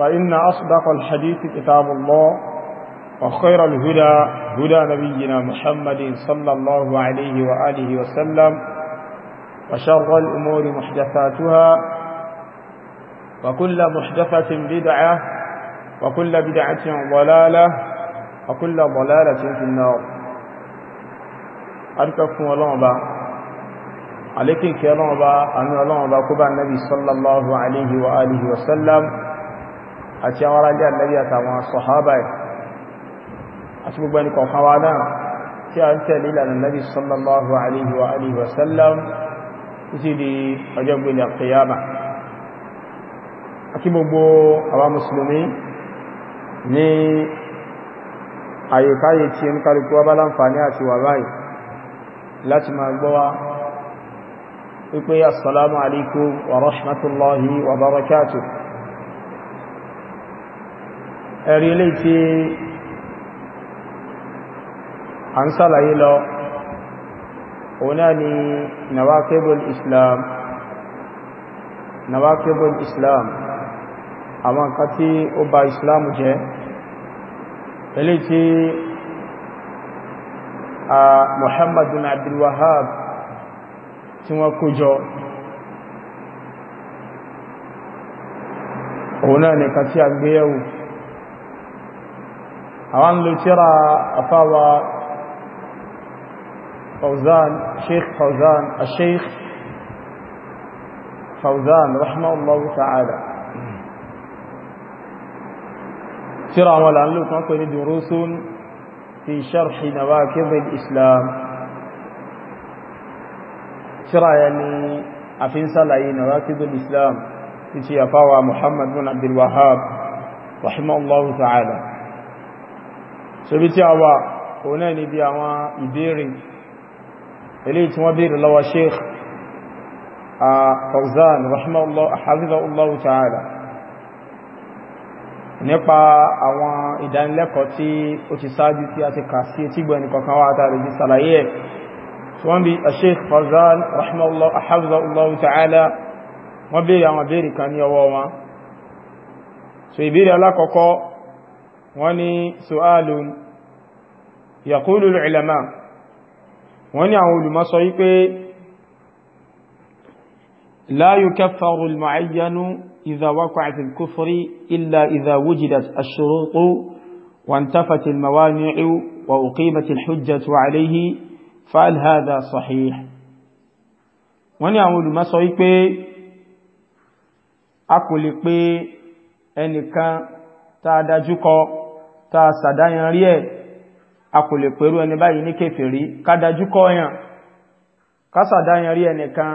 فإن أصدق الحديث كتاب الله وخير الهدى هدى نبينا محمد صلى الله عليه وآله وسلم وشر الأمور محدثاتها وكل محدثة بدعة وكل بدعة ضلالة وكل ضلالة في النار أركبكم الله عليكم كلعبا أن الله كبع النبي صلى الله عليه وآله وسلم àti àwọn arájẹ́ àlẹ́bí àtàwọn sọ̀hábà ẹ̀ àti gbogbo ẹni kọ̀ọ̀kan wa náà tí a ń tẹ̀lé ìlànà lẹ́bí sallallahu alaihi wa alihi wa sallam títí di ọjọ́ gbẹ̀lẹ̀ àkíyàmà àti gbogbo àwa mùsùlùmí ní àyíkáyé tí ń wa rahmatullahi wa barakatuh ẹ̀rí ilé tí a ń sàlàyé lọ òun náà ni nawakibul islam nawakibul islam àwọn nǹkan tí ó bà islam jẹ́ ilé tí a muhammadu abdul tí wọ́n kó jọ òun náà nìkan tí a gbéyẹ̀wò أنا لو چرا فوزان شيخ فوزان الشيخ فوزان رحمه الله تعالى شرع ولان لو دروس في شرح نواكب الاسلام شرع يعني افين سلاي نواكب الاسلام في شيخ محمد بن عبد الوهاب رحمه الله تعالى ṣebí tí a wà òun náà níbi àwọn ìbéèrè ilé tí wọ́n béèrè lọ́wọ́ sheikh Fauzan rahimahullahu ta'ala nípa àwọn ìdánilẹ́kọ̀ọ́ tí ó ti sáájú tí a ti kà sí tí gbẹ̀ni kọ̀kan wá àtàrí bí sàlàyé ẹ̀ tí wọ́n bí sheikh Fauzan rahimahullahu ta'ala wọ́n wọ́n ní su'alun yaqulu al-ulama wọ́n ní àwọn olùmọ̀ sọ wípé la yukaffaru al-mu'ayyanu idha waqa'at al-kufri illa idha wujidat ash-shurutu وانتفت الموانع وأقيمت الحجة wọ́n ní àwọn olùmọ́sọ wípé Ta a sàdáyan rí ẹ̀ a kò lè pẹ̀lú ẹni báyìí ní kèfèrí ká dájú kọ́yàn ká sàdáyan rí ẹnìkan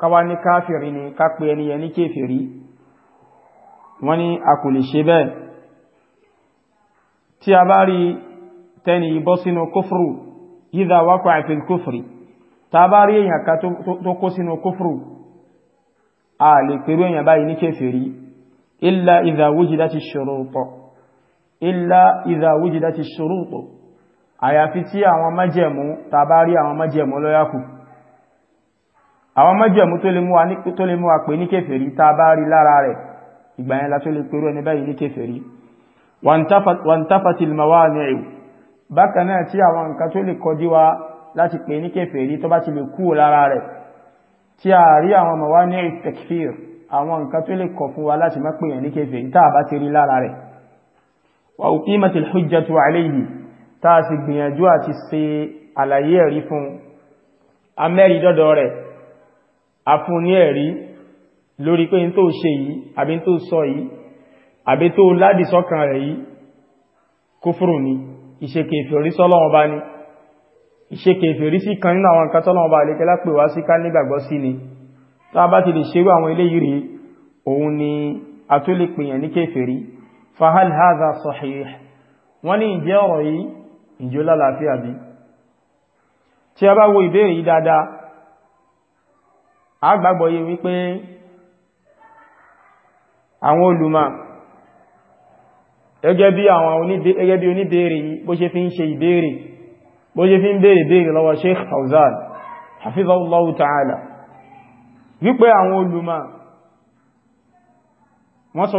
káwá ní káfìrí ni ká pe ẹni yẹn ní kèfèrí wọ́n ní a kò lè ṣe bẹ́ẹ̀ tí a bá rí tẹni bọ́ sínú kófùrù yíza wákọ̀ àfihàn kófùrì tá a bá rí èèyàn ká tó kó sínú kófùrù a lè pẹ̀lú èèyàn báyìí ní kèfèrí illa idha wujidat ash-shurut illa idha wujidati shurut àyàfi tí àwọn májẹ̀mú tàbárí àwọn májẹ̀mú lọ́yàkù àwọn májẹ̀mú tó lè mú wa pè ní kèfèrí tàbárí lára rẹ̀ ìgbàyẹn la tó lè pèrú ẹni báyìí ní kèfèrí wàntafàtì mawani'u bákan náà tí àwọn nǹkan tó lè kọjú wa láti pè ní kèfèrí tó bá ti lè kú lára rẹ̀ tí a rí àwọn mawani'u takfir àwọn nǹkan wa uqimatil hujjatu alayhi ta sì gbìyànjú àti ṣe àlàyé ẹ̀rí fún amẹ́rí dọ́dọ̀ rẹ̀ afún ní ẹ̀rí lórí pé n tó ṣe yìí àbí tó sọ yìí àbí tó ládì sọ́kàn rẹ̀ yìí kúfùrù ni ìṣẹ́kẹ̀ ìfẹ̀rí sọ́lọ́wọ́n bá ní ìṣẹ́kẹ̀ ìfẹ̀rí sí bá ní fahal haza sahih wani ní ìjẹ́ ọ̀rọ̀ yìí ìjọ lálàáfíà bí tí a bá wo ìbéèrè yìí dáadáa a wípé àwọn olùmọ̀ gẹ́gẹ́ bí àwọn oníbéèrè yìí bó ṣe fi ń ṣe ìbéèrè bó ṣe fi ń lọ́wọ́ Sheikh wọ́n sọ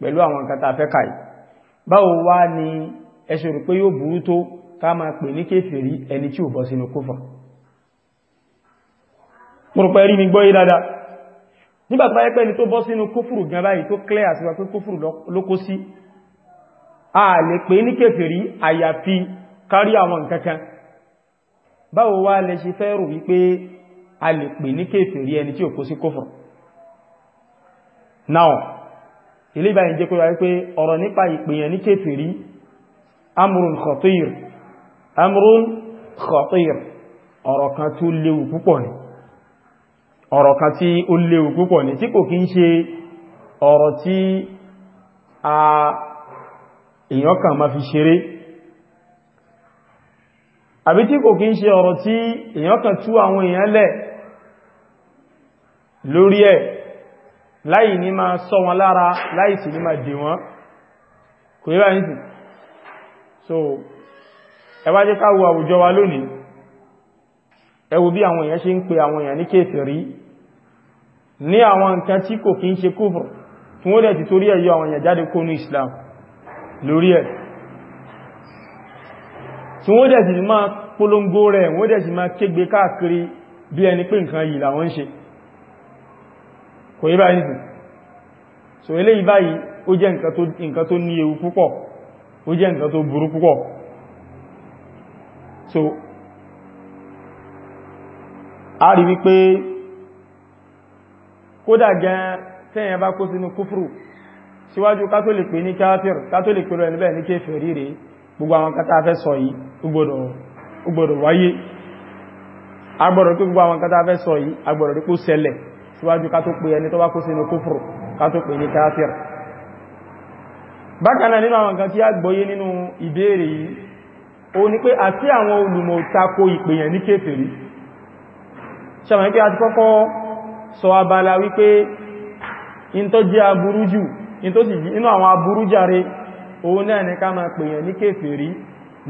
pẹ̀lú àwọn nǹkan tá a fẹ́ kàí báwo wá ni ẹṣẹ́ rò pé yóò burú tó ká máa pè ní kéfèrí ẹni tí ò bọ́ sínú kófà mọ̀rọ̀pẹ̀ rí mi gbọ́ yé dáadáa nígbà tó bá yẹ pé ẹni tó bọ́ sínú kófùrù gan báyìí tó clear sí wa pé kófùrù kárí àwọn nǹkan báwo wá lẹ ṣe fẹ́ rò wípé a lè pè ní kéfèrí ẹni tí ò kó sí kófùrù now ilé ìbáyìí jẹ́ kó wáyé pé ọ̀rọ̀ nípa ìpèyàn ní kéfèrí amrun khatir amrun khatir ọ̀rọ̀ kan tí ó léwu púpọ̀ ni ọ̀rọ̀ kan tí ó léwu púpọ̀ ni tí kò kí ń ṣe ọ̀rọ̀ tí a èyàn kan ma fi ṣeré àbí tí kò kí ń ṣe ọ̀rọ̀ tí èyàn kan tú àwọn èèyàn lẹ̀ lórí ẹ̀ láì ní máa sọ wọn lára láì sì ní máa dè wọn kò yíra ní sí so ẹ wá jẹ́ ká wo àwùjọ wa lónìí ẹ wo bí àwọn èèyàn ṣe ń pe àwọn èèyàn ní kèfèrí ní àwọn nǹkan tí kò kí ń ṣe kúfù tí wọ́n dẹ̀ ti torí ẹ̀ àwọn èèyàn jáde kó Islam lórí ẹ̀ tí wọ́n dẹ̀ sì máa polongo rẹ̀ wọ́n dẹ̀ sì máa kégbe káàkiri bí ẹni pé nǹkan yìí làwọn ń ṣe kò yí báyìí so eléyìí báyìí ó jẹ́ nǹkan tó ní ewu púpọ̀ ó jẹ́ nǹkan tó burú púpọ̀ so a rí wípé kódà gan tẹ́yẹn bá kó sínú kúfùrù síwájú ká tó lè pè ní káfíìr ká tó lè pè rẹ̀ níbẹ̀ ní kéfẹ̀ ríre gbogbo àwọn kátà fẹ́ sọ yìí ó wáyé agbọ́dọ̀ pé gbogbo àwọn kátà fẹ́ sọ yìí agbọ́dọ̀ rí kó ṣẹlẹ̀ síwájú ká tó pè ẹni tó bá kó sínú kúfùrù ká tó pè ní káfíìr bákanáà nínú àwọn nǹkan tí a gbọ́yé nínú ìbéèrè yìí o ní pé àti àwọn olùmọ̀ tako ìpèyàn ní kéfèrí ṣàmì pé a ti kọ́kọ́ sọ abala wípé in tó jẹ́ aburú jù in tó sì inú àwọn aburú jàre òun náà ní ká máa pèyàn ní kéfèrí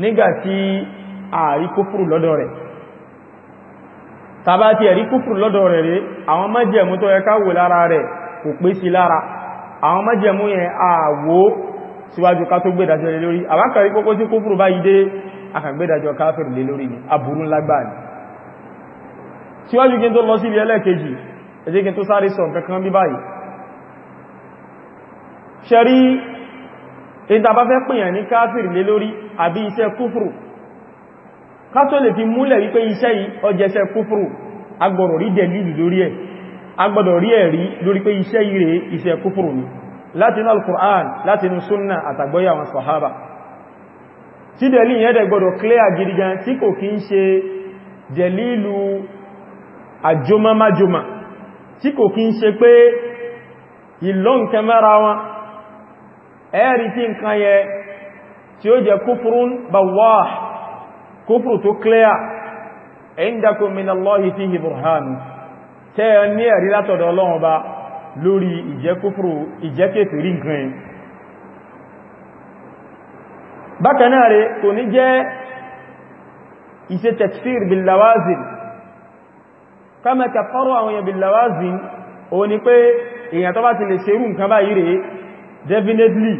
nígbàtí àrí kúfùrù lọ́dọ̀ rẹ̀ tàbá ti ẹ̀rí kúfùrù lọ́dọ̀ rẹ̀ rí àwọn májẹ̀mú tó yẹ ká wò lára rẹ̀ kò pé sí lára àwọn májẹ̀mú yẹn àwò síwájú ká tó gbẹ́dàjọ́ lé lórí àwákàrí kókó sí kúfùrù bá yìí akàgbẹ́dàjọ́ káfìrì lé lórí ni aburú lágbà ni síwájú kí n káfìrì lé lórí kátó lè fi múlẹ̀ wípé iṣẹ́ yìí ọjẹ́ṣẹ́ kúfùrù agbọ̀rọ̀ rí dẹ̀lìlù lórí ẹ̀ agbọ̀dọ̀ rí ẹ̀rí lórí pé iṣẹ́ yìí iṣẹ́ kúfùrù ni látinú al-Qur'an látinú súnnà àtàgbọ́yà àwọn sàhábà tí dẹ̀lìlù yẹn dẹ̀ gbọ́dọ̀ clear gidi gan tí kò kí ń ṣe dẹ̀lìlù àjọmámájọmá tí kò kí ń ṣe pé ìlọ́nkẹ nǹkan yẹ tí ó jẹ kúfùrún bawah kúfùrù tó clear indakum minallahi fihi burhan tẹ́ ní ẹ̀rí látọ̀dọ̀ ọlọ́run bá lórí ìjẹ́ kúfùrù ìjẹ́ kéfèrí nǹkan yìí bákanáà rẹ̀ kò ní jẹ́ ìṣe takfir billawazin kama kafaru àwọn nǹkan definitely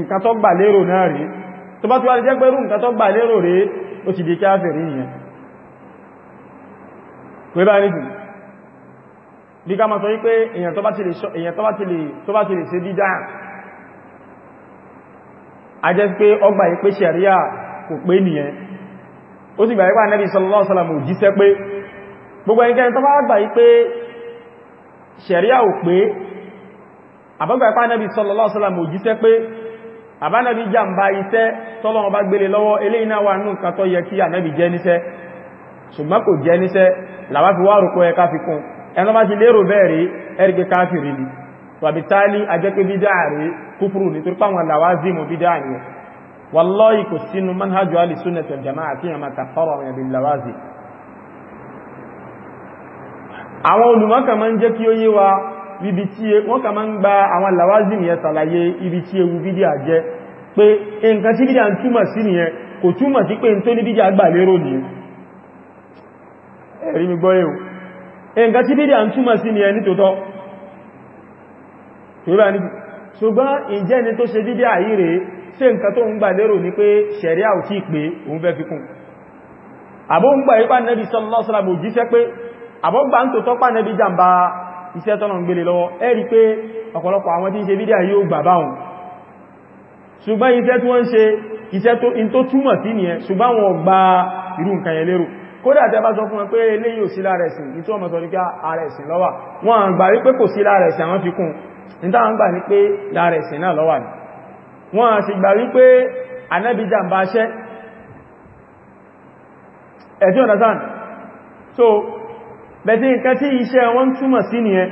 nǹkan tó gbà lérò náà rẹ̀ tó bá ti wá lè jẹ́ pẹ́rù nǹkan tó gbà lérò rẹ̀ ó ti di káfẹ̀rí nìyẹn pé bá nìtì bí ká ma sọ wípé èyàn tó bá ti lè ṣe dídá a jẹ́ pé ọgbà yí pé kò pé nìyẹn ó sì gbà yí pé Ànábì sallallahu alaihi wasallam ò jíṣẹ́ pé gbogbo ẹnikẹ́ni tó bá gbà yí pé ṣẹ̀ríà ò pé àbọ́gbà yí pé Ànábì sallallahu alaihi wasallam ò jíṣẹ́ pé àbánàbí jàmbá iṣẹ́ tọ́lọ́wọ́ bá gbélé lọ́wọ́ eléyìí náà wà nù nǹkan tó yẹ kí ànábì jẹ́ níṣẹ́ ṣùgbọ́n kò jẹ́ níṣẹ́ làwá fi wá rùkọ́ ẹka fi kún ẹnà bá ti lérò bẹ́ẹ̀rẹ̀ ẹ̀rìgbé káfìrí ni tàbítálí ajẹ́kẹ́ bídá rẹ̀ kúfùrù ní torípa wọn làwá zimu bídá yẹn wallahi kò sínú ibi tí e, wọ́n kà máa ń gba àwọn làwázìm yẹn sàlàyé ibi tí ewu bídíà jẹ́ pé nǹkan tí bídíà ń túmọ̀ sí nìyẹn kò túmọ̀ sí pé n tó ní bídíà gbà lérò ní ẹ̀rí mi gbọ́yẹ̀ o nǹkan tí bídíà ń ni tó ṣe bídíà yìí rèé ṣé nǹkan tó ń gbà lérò ní pé ṣẹ̀ríà ò tí pé òun àbọ́gbà ń tòótọ́ pà nẹ́bí jàmbá iṣẹ́ tọ́nà ń gbélé lọ́wọ́ ẹ rí pé ọ̀pọ̀lọpọ̀ àwọn tí ń ṣe bídíà yóò gbà báhùn ṣùgbọ́n iṣẹ́ tí wọ́n ń ṣe iṣẹ́ tó in tó túmọ̀ sí nìyẹn ṣùgbọ́n wọn gba irú nǹkan yẹn lérò kódà tẹ́ bá sọ fún wọn pé eléyìí ò sí lára ẹ̀sìn ìtú ọmọ sọ ní pé ah, ara ẹ̀sìn lọ́wà wọn à ń gbà wípé kò sí lára ẹ̀sìn àwọn fi kún ní táwọn ń gbà ní pé so bẹ̀tí nǹkan tí iṣẹ́ wọn túmọ̀ sí nìyẹn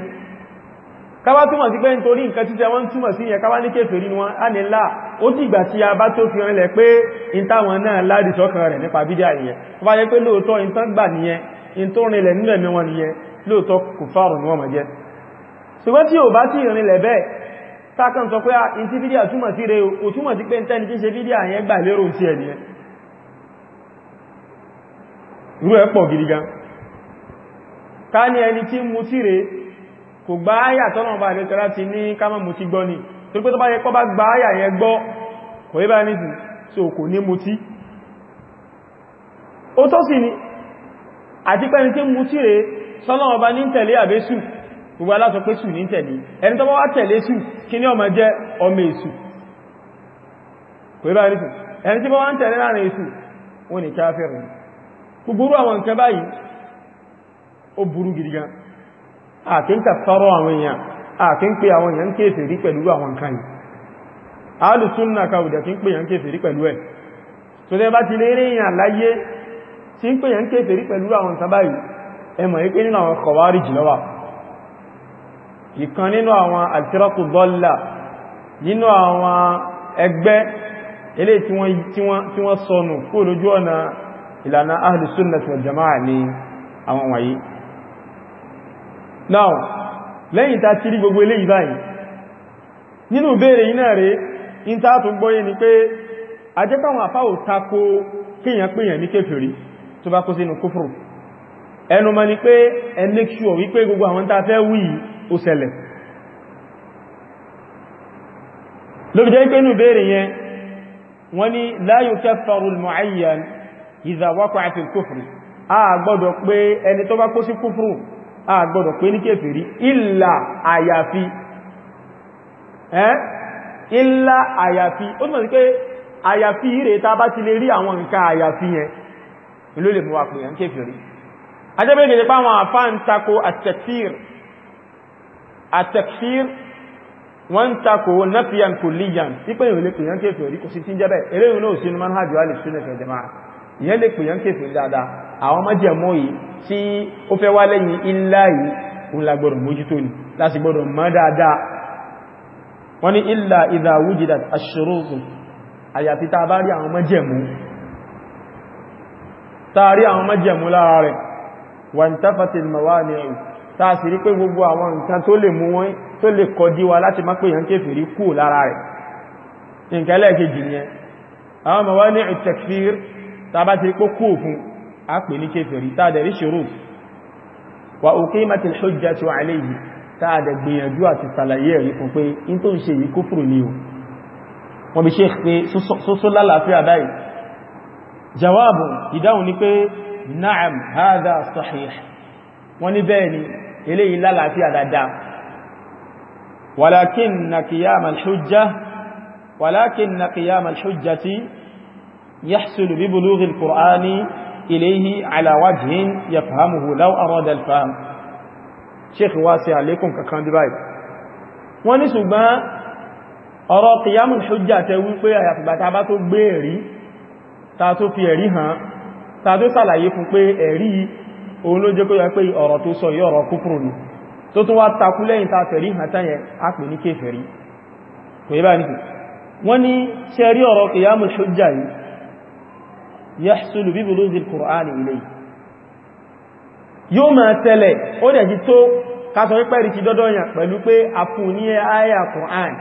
káwá túmọ̀ sí pé nítorí nǹkan tí wọ́n túmọ̀ sí nìyẹn káwá ní kèfèrí ni wọ́n á ní láà ó dìgbà tí a bá tó fi rìnlẹ̀ pé ìntàwọn náà láàrí sọ́kàn rẹ̀ nípa bídíà nìyẹn ni wọ́n mọ̀ jẹ́ ṣùgbọ́n tí ò bá tí ìrìnlẹ̀ bẹ́ẹ̀ tákan sọ pé in ah, tí fídíà túmọ̀ sí rẹ̀ o túmọ̀ sí pé ń tẹ́ni tí ṣe fídíà yẹn gbà lérò tí ẹ̀ nìyẹn ká ní ẹni tí mú tí rẹ̀ kò gbá áyà tọ́nà bá rẹ̀ tọ́lá ti ní ká má mú tí gbọ́ ni tó pé tó bá yẹ kọ́ bá gbá áyà yẹn gbọ́ kò yẹ bá ní sí so kò ní mú tí ó tọ́ sí ni àti pẹ́ni tí mú tí rẹ̀ sọ́nà ọba ní tẹ̀lé àbésù gbogbo aláṣọ pé sù ní tẹ̀lé ó burú gidi gan àti ń tàfàrọ àwọn èèyàn àti ń pè àwọn èèyàn kéèfè rí pẹ̀lú àwọn nǹkan yìí alùsúnnà kàwùdà tí ń pè yàn kéèfè rí pẹ̀lú ẹ̀ tó tẹ́ bá ti lè rí èèyàn láyé tí ń pè yàn kéèfè rí pẹ̀lú àwọn nǹkan báyìí tí wọ́n jama'a ní àwọn wáyìí now lẹ́yìn tá ti rí gbogbo eléyìí báyìí nínú ìbéèrè yìí náà rẹ̀ in tá tún gbọ́yé ni pé ajẹ́pàwọn àfáwò tako kíyàn pèyàn ní kéfèrí tó bá kó sínú kúfùrù ẹnu ma ni pé ẹ make sure wípé gbogbo àwọn tá fẹ́ wí ó ṣẹlẹ̀ ló fi jẹ́ pé nínú ìbéèrè yẹn wọ́n ni la yukaffaru al-mu'ayyan idha waqa'a fi al-kufri a gbọ́dọ̀ pé ẹni tó bá kó sí a gbọ́dọ̀ pé ní kèfèrí ìlà àyàfi ẹ́ ìlà àyàfi ó túnmọ̀ sí pé àyàfi ire ta bá ti lè rí àwọn nǹkan àyàfi yẹn ló lè mú wa pè yẹn kèfèrí ajẹ́bẹ̀rẹ̀ gẹ̀ẹ́gẹ́ pa àwọn àfá ń tako àtẹ̀kfír àtẹ̀kfír wọ́n ń tako nafiyan kulliyan pípẹ́ ìwé lè pè yẹn kèfèrí kò sí tí jẹ́bẹ̀ eléyìn náà sínú manhajj alìsúnẹ̀fẹ̀ jẹ́máà ìyẹn pè yẹn kèfèrí dáadáa àwọn májẹ̀mọ́ yìí tí ó fẹ́ wá lẹ́yìn ilá yìí òun la gbọ́dọ̀ mójútó ni láti gbọ́dọ̀ mọ́ dáadáa wọ́n ní ilá idha wujidat ash-shurutu àyàfi tá bá rí àwọn májẹ̀mọ́ tá rí àwọn májẹ̀mọ́ lára rẹ̀ wa intafatil mawani'u tá sì rí pé gbogbo àwọn nǹkan bá ti rí pé kú òfin a pè ní kéfèrí tààdẹ̀ rí ṣòro wà òkè mati ṣójá tí wà aléyìí tààdẹ̀ gbìyànjú àti sàlàyé rí fún pé in tó ń ṣe yìí kúfùrù ní o wọ́n bí ṣe pé sósó lálàáfíà báyìí jawabu ìdáhùn ni pé na'am hadha sahih wọ́n ní bẹ́ẹ̀ ni eléyìí lálàáfíà dáadáa walakin na qiyam al walakin na qiyam al-hujjati yahsulu bi bulughi إليه على وجه يفهمه لو أراد الفهم شيخ واسع عليكم ككان دباي wọ́n ní ṣùgbọ́n ọ̀rọ̀ kìyàmù ṣújà tẹ wípé àyàfìgbà tàbá tó gbé ẹ̀rí ta tó fi ẹ̀rí hàn ta tó sàlàyé fún pé ẹ̀rí òun ló jẹ́ kó yẹ pé ọ̀rọ̀ yẹ́sùlù bíbí ló ń zil kùránì ilé yóò máa tẹ́lẹ̀ ó dẹ̀ jí tó kásọ̀ wípẹ́ rí ti dọ́dọ́yàn pẹ̀lú pé a fún ní àyà kùránì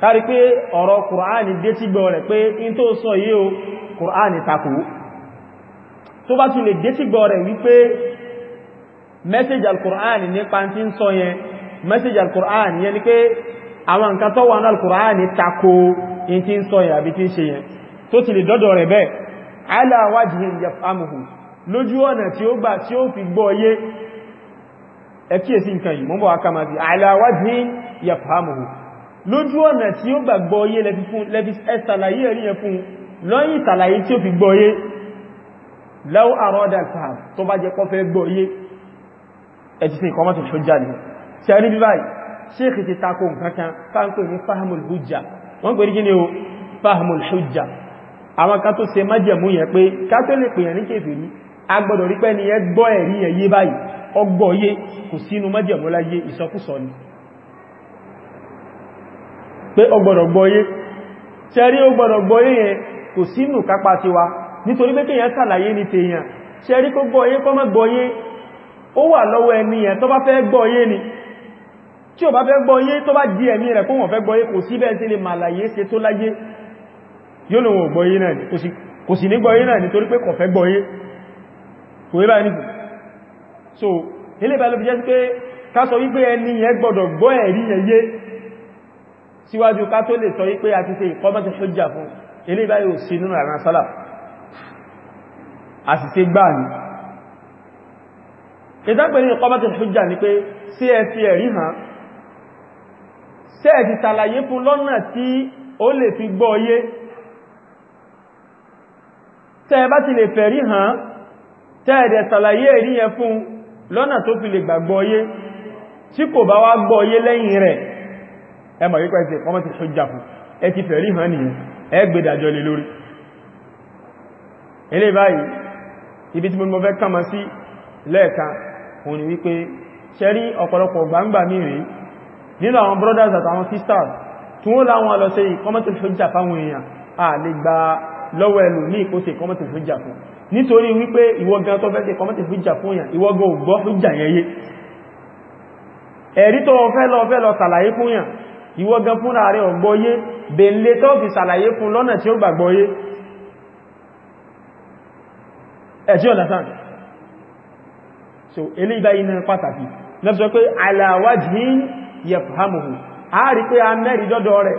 tàrí pé ọ̀rọ̀ kùránì dé tí gbọ́ rẹ̀ pé in tó sọ yí o kùránì takò tó bá tún lè dé tí tó ti lè dọ́dọ̀ rẹ̀ bẹ́ẹ̀ ala wajhin yafhamuhu lójú ọ̀nà tí ó gbà tí ó fi gbọ́ yé ẹ nǹkan yìí mọ́bọ̀ akamati ala wajhin yafhamuhu lójú ọ̀nà tí ó gbà gbọ́ yé lẹ́fi ẹ̀sàlàyé ẹ̀rí yẹn fún lọ́yìn ìsàlàyé tí ó fi gbọ́ yé law arada al-fahm tó bá jẹ́ kó fẹ́ gbọ́ yé ẹ̀tí sí ìkọmọ́tò tó jáde tí a rí bí báyìí ṣéèkì ti takò nǹkan hujja wọ́n pè ní o fáhmùl hujja àwọn kan tó ṣe májẹ̀mú yẹn pé ká tó lè pèyàn ní kèfèrí a gbọ́dọ̀ rí pé ni ẹ gbọ́ ẹ̀rí yẹn yé báyìí ọgbọ́ yé kò sínú májẹ̀mú láyé ìsọkúsọ ni pé ọgbọ́dọ̀ gbọ́ yé ṣẹ́rí ọgbọ́dọ̀ gbọ́ yé yẹn kò sínú kápá ti wa nítorí pé kéèyàn ṣàlàyé ní tèèyàn ṣẹ́rí ó bá fẹ́ gbọ́ yé ni tí ò bá fẹ́ gbọ́ yé tó bá di ẹ̀mí rẹ̀ kó wọ́n fẹ́ gbọ́ yé kò sí bẹ́ẹ̀ sí lè màlàyé ṣe tó láyé yóò lòun gbọ́yé ni kò sì ní gbọ́yé ni torí pé kò fẹ́ so ilé bá ló fi jẹ́ sí pé ká sọ wípé ẹni yẹn gbọ́dọ̀ gbọ́ ẹ̀rí yẹn yé síwájú ká tó lè sọ wípé a ti ṣe ìkọ́mọ́tẹ̀ sójà fún ilé bá yóò sí nínú àwọn sálà àṣìṣe gbáà ni ìdágbẹ̀ ní ìkọ́mọ́tẹ̀ sójà ni pé sí ẹ fi ẹ̀rí hàn sẹ́ẹ̀ ti ṣàlàyé fún lọ́nà tí ó lè fi gbọ́ tẹ́ bá ti lè fẹ̀rí hàn tẹ́ẹ̀dẹ̀ sàlàyé èrí yẹn fún lọ́nà tó fi lè gbàgbọ́yé tí kò bá wá gbọ́yé lẹ́yìn rẹ̀ ẹ mọ̀ wípé ẹ̀sẹ̀ pọ́mọ́ ti ṣọ́jà fún ẹ ti fẹ̀rí hàn nìyẹn ẹ gbẹ̀dàjọ́ lè lórí ilé báyìí ibi tí mo fẹ́ kàmà lọ́wọ́ ẹnu ní ìkóse kọmọ́tì fújà fún nítorí wípé ìwọ gan tó fẹ́ ṣe kọmọ́tì fújà fún yàn ìwọ gan ògbọ́ fújà yẹn yé ẹ̀rí tó fẹ́ lọ fẹ́ lọ sàlàyé fún yàn ìwọ gan fúnra rẹ̀ ọ̀gbọ́ yé bèèlè tó fi sàlàyé fún lọ́nà tí ó gbàgbọ́ yé ẹ̀tí ọ̀dásán so eléyìí báyìí ní pàtàkì lọ́pọ̀ pé ala wajhin yafhamuhu a rí pé a mẹ́rin dọ́dọ̀ rẹ̀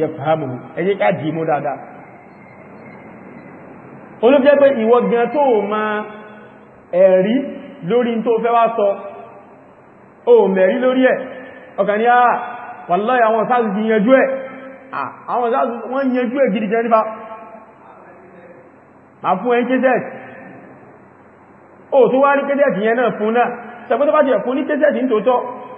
yafhamuhu ẹ jẹ́ ká dì mú dáadáa olóbíjẹ́ pé ìwọ gan tó ma ẹ̀rí lórí tó fẹ́ wá sọ o mẹ̀rí lórí ẹ̀ ọkàn ní àà wàláyà àwọn sáàsì ti yanjú ẹ̀ ah, àwọn sáàsì wọ́n yanjú ẹ̀ gidi jẹ́ nípa ma fún ẹ̀ kéjẹ́ẹ̀tì o tó wá ní kéjẹ́ẹ̀tì yẹn náà fún náà sẹ́gbẹ́ tó bá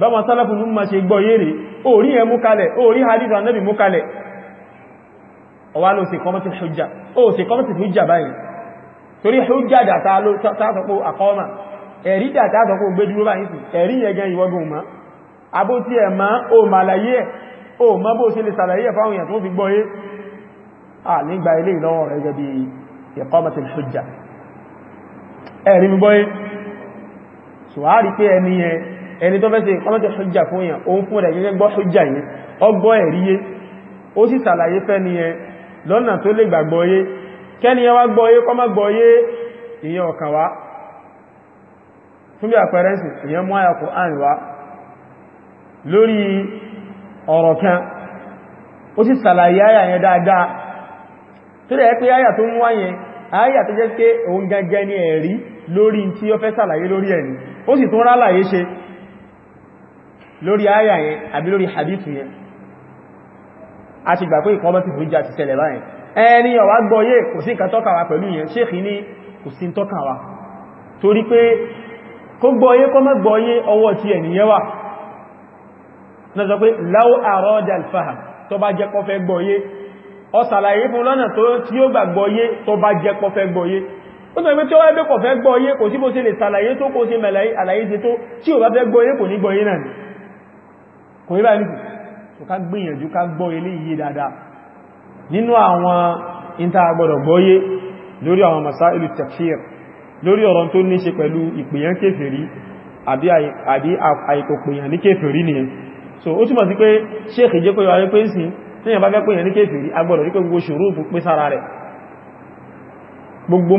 báwọn sálàfù ní ma ṣe gbọ́ yẹ́rẹ̀ orí ẹ mú kalẹ̀ orí hadith annabi mú kalẹ̀ ọwá ló ṣe kọmọtí hujja ó ṣe kọmọtí hujja báyìí torí hujja dàtà ló tásọpọ̀ àkọ́ọ̀mà ẹ̀rí dàtà sọpọ̀ gbé dúró báyìí ẹ̀rí yẹgẹn ìwọ́gùn ma abó tí ẹ ma ó ma láyé ẹ̀ ó ma bó ṣe lè sàlàyé sùwárí pé ẹni yẹn ẹni tó fẹ́ ṣe kọ́mọ́tẹ̀ ṣújà fún èèyàn òun fún rẹ̀ gẹ́gẹ́ gbọ́ ṣújà yìí ọgbọ́ ẹ̀ríyé ó sì sàlàyé fẹ́ ni ẹ lọ́nà tó lè gbàgbọ́yé kẹ́ni ẹ wá gbọ́yé kọ́mọ́ gbọ́yé èèyàn ọ̀kan wá fún bí àpẹẹrẹ sí èèyàn mú àyà Kùránì wá lórí ọ̀rọ̀ kan ó sì sàlàyé àyà yẹn dáadáa tó rẹ̀ pé tí ó fẹ́ sàlàyé lórí ẹ̀rí ó sì tún rálàyé ṣe lórí ayà yẹn àbí lórí hadithu yẹn a ti gbà pé ìkan ọmọ ti bùjá ti tẹ̀lẹ̀ báyìí ẹni ọ̀wá gbọ́yé kò sí nǹkan tọ́ka wa pẹ̀lú yẹn ṣéèkì ní kò sí tọ́ka wa torí pé kó gbọ́yé kó má gbọ́yé ọwọ́ ti ẹ̀nìyàn wà lọ́sọ pé láwọ́ àrọ́dà alfaha tó bá jẹ́ kó fẹ́ gbọ́yé ó ṣàlàyé fún lọ́nà tí ó gbà gbọ́yé fẹ́ gbọ́yé ó kò sí bó ṣe lè ṣàlàyé tó kó ṣe mẹ̀lẹ̀ àlàyé tó tí ò bá fẹ́ gbọ́yé kò ní gbọ́yé náà kò rí báyìí tó ká gbìyànjú ká gbọ́ ilé yìí dáadáa nínú àwọn ìta àgbọ̀dọ̀ gbọ́yé lórí àwọn masailu takfir lórí ọ̀rọ̀ tó ní ṣe pẹ̀lú ìpèyàn kéfèrí àbí àìkòpèyàn ní kéfèrí nìyẹn so ó túnmọ̀ sí pé sheikh jẹ́ kó yọ ayé pé ń sìn tí èyàn bá fẹ́ pèyàn ní kéfèrí agbọ́dọ̀ rí pé gbogbo ṣòro pé sára rẹ̀ gbogbo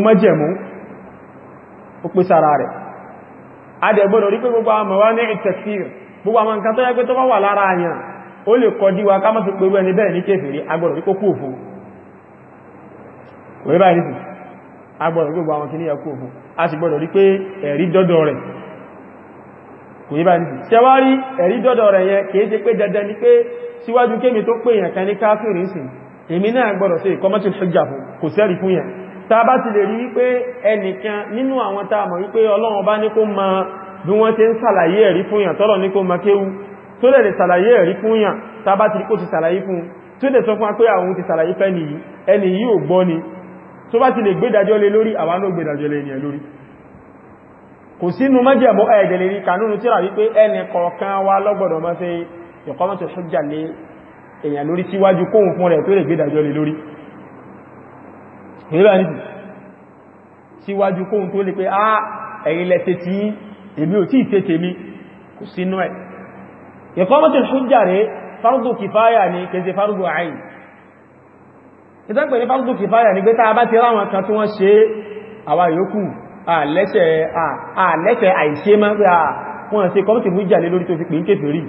gbogbo àwọn nǹkan tó yẹ pé tó bá wà lára àyàn ó lè kọ díwa ká mọ́ sí pẹ̀lú ẹni bẹ́ẹ̀ ní kéfèrí agbọ̀rọ̀ ní kó kú òfò kò rí báyìí nìtì agbọ̀rọ̀ gbogbo àwọn kìíní ẹkú òfò a sì gbọ́dọ̀ rí pé ẹ̀rí dọ́dọ̀ rẹ̀ kò rí báyìí nìtì tẹwà rí ẹ̀rí dọ́dọ̀ ni pé wípé ẹnìkan nínú àwọn tá wípé Ọlọ́run bá ní kó máa bí wọ́n ti ń sàlàyé ẹ̀rí fún yàn tọ́lọ̀ ní kó ma kéwú tó lè lè sàlàyé ẹ̀rí fún yàn tàbá ti kó ti sàlàyé fún tó lè sọ fún wa pé àwọn ti sàlàyé fẹ́ nìyí ẹni yìí ò gbọ́ ni tó bá ti lè gbédàjọ́ lé lórí àwọn ló gbédàjọ́ lé ní ẹ lórí kò ẹ̀yìn lẹ́sẹ̀ tí èmi ò tí ìtẹ́tẹ́ mi kò sínú ẹ̀ iqamatul hujja rẹ̀ fardu kìfáyà ni kẹsẹ̀ fardu ayn ìtàpẹ̀ ní fardu kìfáyà ni pé tá a bá ti ráwọn kan tí wọ́n ṣe àwa yòókù àlẹ́ṣẹ̀ àìṣe máa pé wọ́n ṣe kọ́mọ̀tì hujja lé lórí tó fi pè ń kèfèrí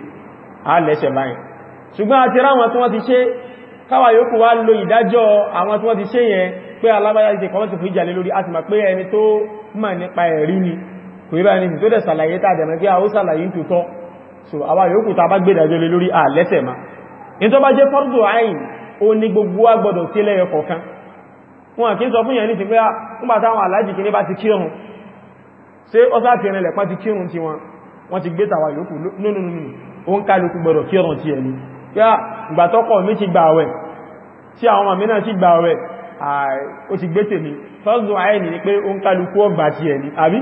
àlẹ́ṣẹ̀ báyìí ṣùgbọ́n àti ráwọn tí wọ́n ti ṣe káwà yòókù wá lo ìdájọ́ ẹ̀rí ni kò yí báyìí tó dẹ̀ sàlàyé tàbẹ̀mẹ́ pé àwọn sàlàyé ń tòótọ́ so àwa yòókù ta bá gbèdàjọ́ lé lórí àlẹ́sẹ̀ ma in tó bá jẹ́ fọ́rùdù àìn ó ní gbogbo agbọ́dọ̀ sí lẹ́yọ kọ̀ọ̀kan wọn kí n sọ fún yẹn ní ti pé ah, nígbà táwọn alájì kí ní bá ti kírun ṣé ó sá ti rìn lẹ̀pá ti kírun ti wọn wọ́n ti gbé tàwa yòókù nónúnú ó ń kálukú gbọ́dọ̀ kírun ti ẹni pé ah, ìgbà ni pé ó ń kálukú ọgbà ti ẹni àbí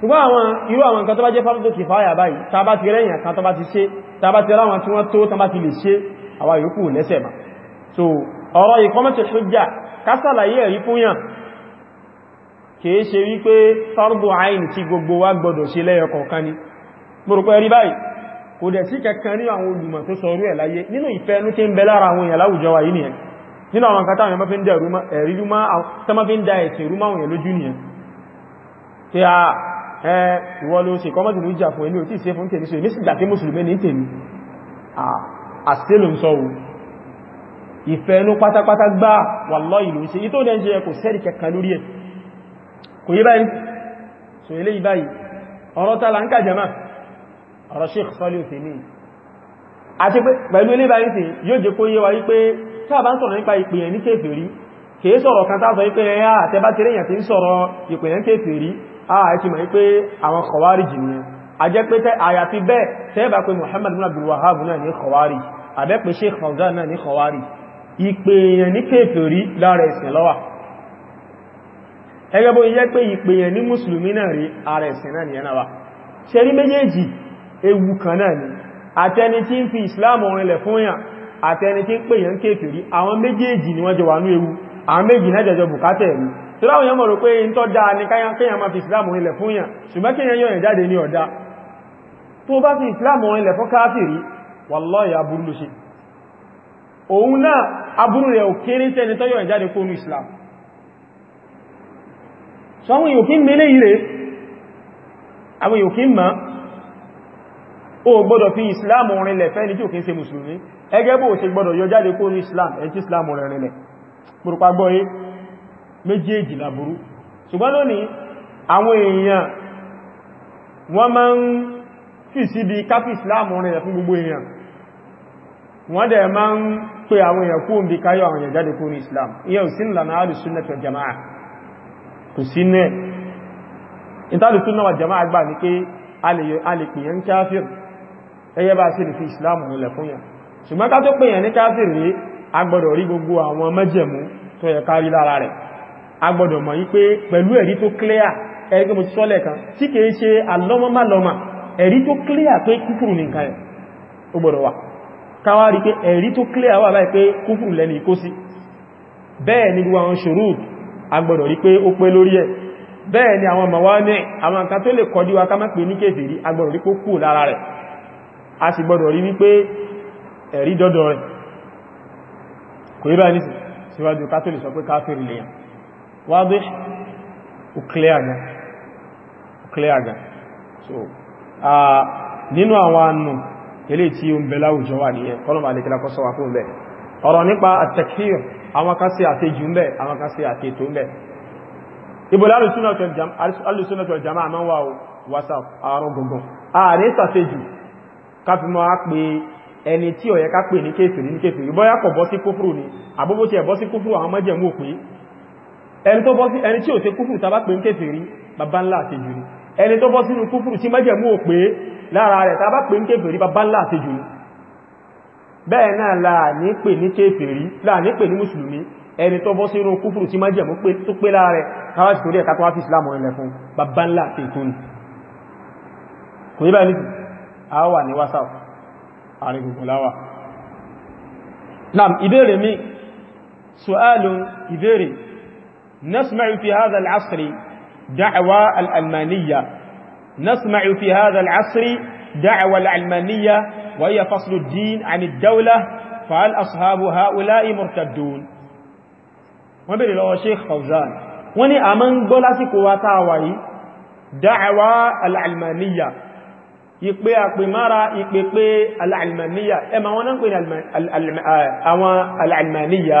ṣùgbọ́n àwọn irú àwọn nǹkan tó bá jẹ́ fárúdó kì fáyà báyìí tàbá ti rẹ̀yìn kan tó bá ti ṣe tàbá ti ráwọn tí wọ́n tó tàbá ti lè ṣe àwa yòókù lẹ́sẹ̀ ma so ọ̀rọ̀ ìkọ́mọ̀tẹ̀ ṣújà kásàlàyé ẹ̀rí fúnyàn kìí ṣe wípé fárúdó àìn tí ni gbogbo ẹ̀rí báyìí kò dẹ̀ sí kankan nínú àwọn olùmọ̀ tó sọ orú ẹ̀ láyé nínú ìfẹ́ ẹnu tí ń bẹ lára àwọn èèyàn láwùjọ wa ẹ̀rí rúmá tẹ́mọ́ fi ẹ̀sìn rúmá àwọn lójú nìyẹn tí a ah, ẹ ìwọ ló ṣe kọmọ́dù ló jà fún ilé òtí ìṣẹ́ fún tèmi so ilé sì gbàtí mùsùlùmí ní tèmi àṣílùm sọ́wọ́ ìfẹ́ ẹnu pátápátá gbá wàlọ́ ìlú ṣe yí tó dẹ́ jẹ́ kò sẹ́rì kẹkàn lórí ẹ̀ kò yí báyìí so ilé yìí báyìí ọ̀rọ̀ ta la ń kà jẹ́mà ọ̀rọ̀ Sheikh Salih Uthaymin àti pé pẹ̀lú ilé báyìí sí yóò jẹ́ kó yé wa wípé tá a bá ń sọ̀rọ̀ nípa ìpìyàn ní kéfèrí kìí sọ̀rọ̀ kan tá sọ wípé ẹ̀yà àtẹ́bá tẹ́rẹ̀yàn ti ń sọ̀rọ̀ ìpìyàn kéfèrí àti ah, mọ̀ pé àwọn kọwàríjì ni a jẹ́ pé tẹ́ àyàfi bẹ́ẹ̀ tẹ́ẹ̀bà pé Muhammad bin Abdul Wahhab náà ní kọwàrí àbẹ́pẹ̀ Sheikh Fauzan náà ní kọwàrí ìpèèyàn ní kèfèrí lára ẹ̀sìn lọ́wà ẹgẹ́ bó yẹ pé ìpèèyàn ní mùsùlùmí náà rí ara ẹ̀sìn náà ní ewu tíráwọn yẹn mọ̀rọ̀ pé in tó dáa ní kíyàn máa fi ìsìláàmù ilẹ̀ fún yàn ṣùgbọ́n kíyàn yọ ìjáde ní ọ̀dá tó bá fi ìsìláàmù ilẹ̀ fún káàfìrí wàlláhì aburú ló ṣe òun náà aburú rẹ̀ o gbọ́dọ̀ fi ìsìláàmù rinlẹ̀ fẹ́ni tí ò kí ń ṣe mùsùlùmí ẹgẹ́ bó ṣe gbọ́dọ̀ yọ jáde kó ní méjèèjì láburú ṣùgbọ́n lónìí àwọn èèyàn wọ́n máa ń fi síbi káfí islam rẹ̀ fún gbogbo èèyàn wọ́n dẹ̀ máa ń pè àwọn èèyàn kú bí káyọ àwọn èèyàn jáde kúrò islam iye ò sí ìlànà alùsúnnà tó jama'a kò sí ní ìtàlùsúnnà wà jama'a gbà ní pé a lè pè yẹn káfíìr ẹyẹ bá sí fi islam nílẹ̀ fún yẹn ṣùgbọ́n ká tó pè yẹn ní káfíìr rí a gbọ́dọ̀ rí gbogbo àwọn mẹ́jẹ̀mú tó yẹ kárí lára rẹ̀ agbọ́dọ̀ mọ̀ wípé pẹ̀lú ẹ̀rí tó clear ẹ̀rí pé mo ti sọ́lẹ̀ kan tí kìí ṣe alọ́mọ́málọ́mà ẹ̀rí tó clear pé kúfùrù ní nǹkan ẹ̀ ó gbọ́dọ̀ wà káwà rí pé ẹ̀rí tó clear wà láì pé kúfùrù lẹ́ni ikó sí ni gbogbo àwọn ṣòrúù agbọ́dọ̀ rí pé ó ni àwọn mọ̀wání àwọn nǹkan tó lè kọjú wa ká má pè ní kéfèrí agbọ́dọ̀ rí pé kú lára rẹ̀ síwájú ká sọ pé káfíìrì lèyàn واضح وكلياغا وكلياغا so ah nínú àwọn anu ele tí ó nbe láwùjọ wa nìyẹn kolon ba le kila ko so be ọ̀rọ̀ nípa at-takfir àwọn kan nbe àwọn kan ṣe àṣetò nbe ibo la lu nwa wal whatsapp a ẹni tí ó ká pè ní kufuru ni abobo tí ẹ sí àwọn ẹni tó bọ́ sí ẹni tí ò ṣe kúfùrù tàbá pè ń kéfèrí bàbá ńlá àṣejù ni ẹni tó bọ́ sínú kúfùrù tí mẹ́jẹ̀mú ò pé lára rẹ̀ tàbá pè ń kéfèrí bàbá ńlá àṣejù ni bẹ́ẹ̀ náà láà ní pè ní kéfèrí láà ní pè ní mùsùlùmí ẹni tó bọ́ sínú kúfùrù tí mẹ́jẹ̀mú tó pé lára rẹ̀ káwá sí torí ẹ̀ká tó wá fi ìsìlámù rẹ̀ fún bàbá ńlá àṣejù ni kò yí báyìí a wà ní whatsapp نسمع في هذا العصر دعوى الألمانية نسمع في هذا العصر دعوى العلمانية وهي فصل الدين عن الدولة فهل أصحاب هؤلاء مرتدون وبر الله شيخ فوزان وني أمن قولتك واتاوي دعوى العلمانية ìpé àpèmára ìpé pé al'almaniya ẹmà wọn náà ń pè àwọn al'almaniya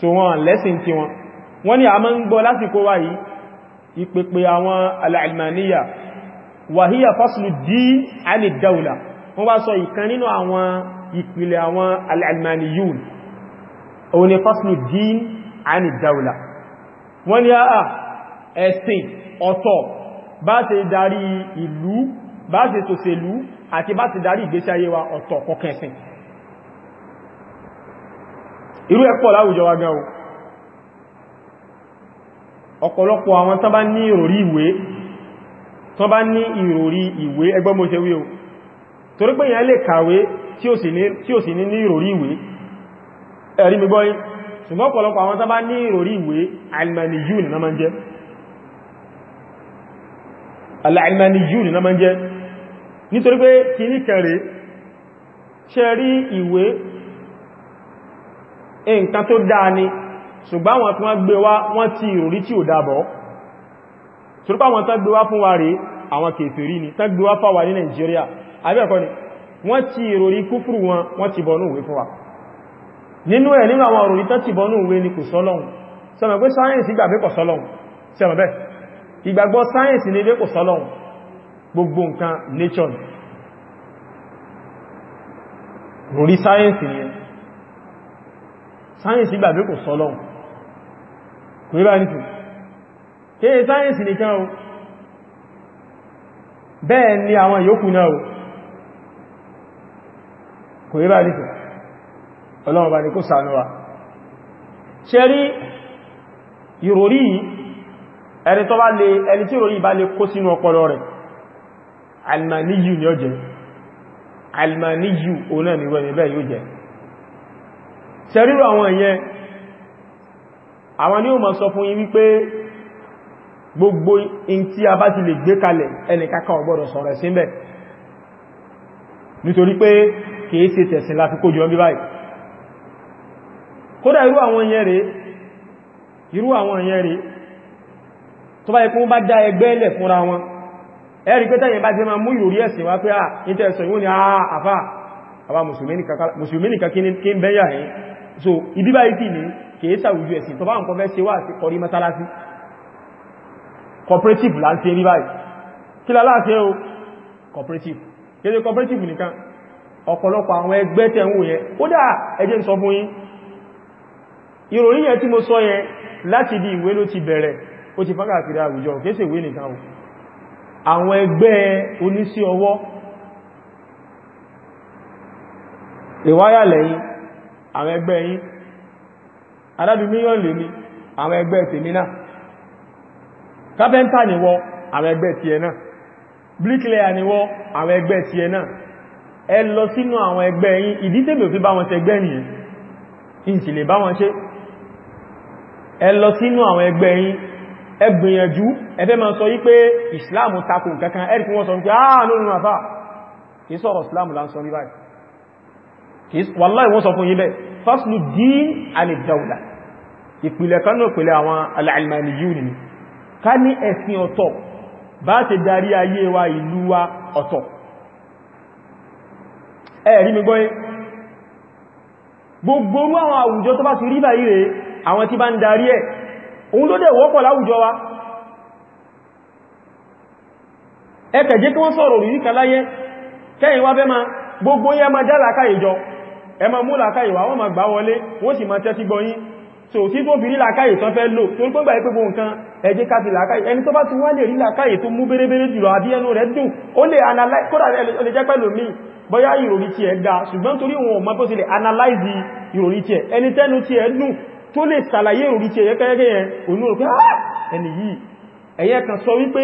so wọn lẹ́sìn tí wọn wọ́n ní a máa ń gbọ́ lásìkò wá yìí ìpèpè àwọn al'almaniya wàhíyà fásilù dí alìdáwùlà wọ́n wá sọ ìkan nínú àwọn ìpìlẹ̀ àwọn al'almaniyun òun ni fásilù dí alìdáwùlà wọ́n ní àà ẹ̀sìn ọ̀tọ̀ bá ṣe darí ìlú bá ṣe ṣòṣèlú irú ẹ̀pọ̀ láwùjọ wa gan o ọ̀pọ̀lọpọ̀ àwọn tán bá ní ìròrí ìwé tán bá ní ìròrí ìwé ẹgbọ́n mo ṣe wí o torí pé yẹn lè kàwé tí ó sì ní ní ìròrí ìwé ẹ̀rí mi gbọ́yí ṣùgbọ́n ọ̀pọ̀lọpọ̀ àwọn tán bá ní ìròrí ìwé nǹkan tó dáa ni ṣùgbọ́n wọn tí wọ́n gbé wá wọ́n ti ìròrí tí ò dábọ̀ ṣùgbọ́n wọn tán gbé wá fún wa rí àwọn kèfèrí ni tán gbé wá fáwà ní Nàìjíríà àbẹ́ẹ̀kọ́ ni wọ́n ti ìròrí kúfùrù wọn wọ́n ti bọ̀nú ìwé fún wa nínú ni kò sọ́lọ́hun sọmọ̀ pé sáyẹ̀nsì gbàgbé kò sọ́lọ́hun sọmọ̀ bẹ́ẹ̀ ìgbàgbọ́ sáyẹ̀nsì ní ilé kò sọ́lọ́hun ni sáyẹ̀nsì gbàgbé kò sọ́lọ́ kò rí bá ní tù kéè sáyẹ̀nsì nìkan bẹ́ẹ̀ ni àwọn yòókù náà o kò rí bá ní tù ọlọ́run bá ní kó ṣàánú wa ṣe rí ìròrí ẹni tó bá lè ẹni tí ìròrí bá lè kó sínú ọpọlọ rẹ̀ almaniyu ni ó jẹ́ almaniyu òun náà ni wọ́n ni bẹ́ẹ̀ yóò jẹ́ sẹ́rírò àwọn ìyẹn àwọn ni ó ma sọ fún yín wípé gbogbo in tí a bá ti lè gbé kalẹ̀ ẹnìkaka ọgbọ́dọ̀ sọ̀rọ̀ síbẹ̀ nítorí pé kìí ṣe tẹ̀sìn láti kó jọ bí báyìí kódà irú àwọn ìyẹn rẹ̀ irú àwọn ìyẹn rẹ̀ tó bá yẹ ah, ni àà ah, àfà àwa so ibi báyìí sì ní kèésà ojú ẹ̀sìn tó bá nǹkan fẹ́ ṣe wà sí kọrí mọ́sálásí cooperative là ń ṣe rí báyìí kí lá láàṣẹ́ o cooperative kéde cooperative nìkan ọ̀pọ̀lọpọ̀ àwọn ẹgbẹ́ tẹ̀ ń wò yẹn kódà ẹjẹ́ ń sọ fún yín ìròyìn yẹn tí mo sọ yẹn láti di ìwé ló ti bẹ̀rẹ̀ ó ìwáyà lẹ́yìn àwọn ẹgbẹ́ yín alábi mílíọ̀n lè ní àwọn ẹgbẹ́ tèmi náà kápẹ́ntà níwọ àwọn ẹgbẹ́ ti ẹ náà bíríkìlẹ̀yà níwọ àwọn ẹgbẹ́ ti ẹ náà ẹ lọ sínú àwọn ẹgbẹ́ yín ìdí tèmi ò fi bá wọn ṣe ẹgbẹ́ nìyẹn ìsì lè bá wọn ṣe ẹ lọ sínú àwọn ẹgbẹ́ yín ẹ gbìyànjú ẹ fẹ́ máa sọ yí pé ìsìláàmù takùn kankan ẹ̀rì fún wọn sọ wípé àà ah, lónìí àfà kìí sọ̀rọ̀ ìsìláàmù láńsọ rí wàláì wọ́n sọ fún yíbẹ̀ fásilù dín alìdáwùlà ìpìlẹ̀ kan náà pẹ̀lẹ̀ àwọn alàìmàní yìí nìí ká ní ẹ̀sìn ọ̀tọ̀ bá ti darí ayé wa ìlú wa ọ̀tọ̀ ẹ̀rí mi gbọ́yìn gbogbo orú àwọn àwùjọ tó bá ti rí báyìí rẹ̀ àwọn tí bá ń darí ẹ̀ òun ló dẹ̀ wọ́pọ̀ láwùjọ wa ẹkẹ̀jẹ́ kí wọ́n sọ̀rọ̀ òrìríkà láyé kẹ́yìn wá bẹ́ ma gbogbo yẹ ma jálàká ìjọ ẹ ma mú làákàyè wá wọ́n ma gbà wọlé wọ́n sì ma tẹ́tí gbọ́ yín so kí tó fi rí làákàyè tán fẹ́ lò tó ń pẹ́gbà ipé gbogbo nǹkan ẹ jẹ́ ká ti làákàyè ẹni tó bá ti wá lè rí làákàyè tó mú bérébéré jùlọ àbí ẹnu rẹ̀ dùn ó lè analyze kódà ó lè jẹ́ pẹ̀lú mi bóyá ìròrí tiẹ̀ ga ṣùgbọ́n torí wọn mọ́ tó sì lè analyze ìròrí tiẹ̀ ẹni tẹ́nu tiẹ̀ dùn tó lè ṣàlàyé ìròrí tiẹ̀ yẹ́kẹ́yẹ́kẹ́ yẹn òun rò pé ah, ẹni yìí ẹ̀yẹ kan sọ wípé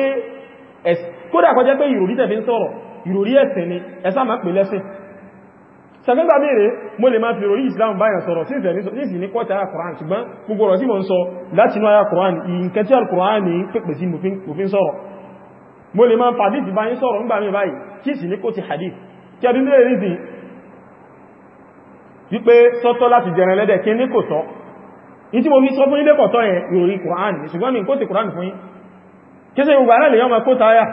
kódà kọjẹ́ pé ìròrí tẹ̀fí ń sọ̀rọ̀ ìròrí ẹ̀sìn ni ẹ̀sà máa pè lẹ́sìn sàgbẹ́gbà bèèrè mo lè máa fi ròyìn islam báyàn sọ̀rọ̀ sí ìsìn ní kọ́ta ara kùrán ṣùgbọ́n gbogbo ọ̀rọ̀ tí mo ń sọ láti inú ara kùrán ìǹkan tí alkùrán ní pẹ̀pẹ̀ sí mòfin sọ̀rọ̀ mo lè máa fàdí ti báyìí sọ̀rọ̀ ń gbà mí báyìí kí ìsìn ní kó ti hadith kí adúlé rí sí wípé sọ́tọ́ láti jẹran lẹ́dẹ̀ kí ní kò tọ́ ìtí mo fi sọ fún ilé kọ̀tọ́ yẹn ìròrí kùrán ní ṣùgbọ́n mi kó ti kùrán fún yín kí sí gbogbo aláàlè yọ́ ma kó ta aya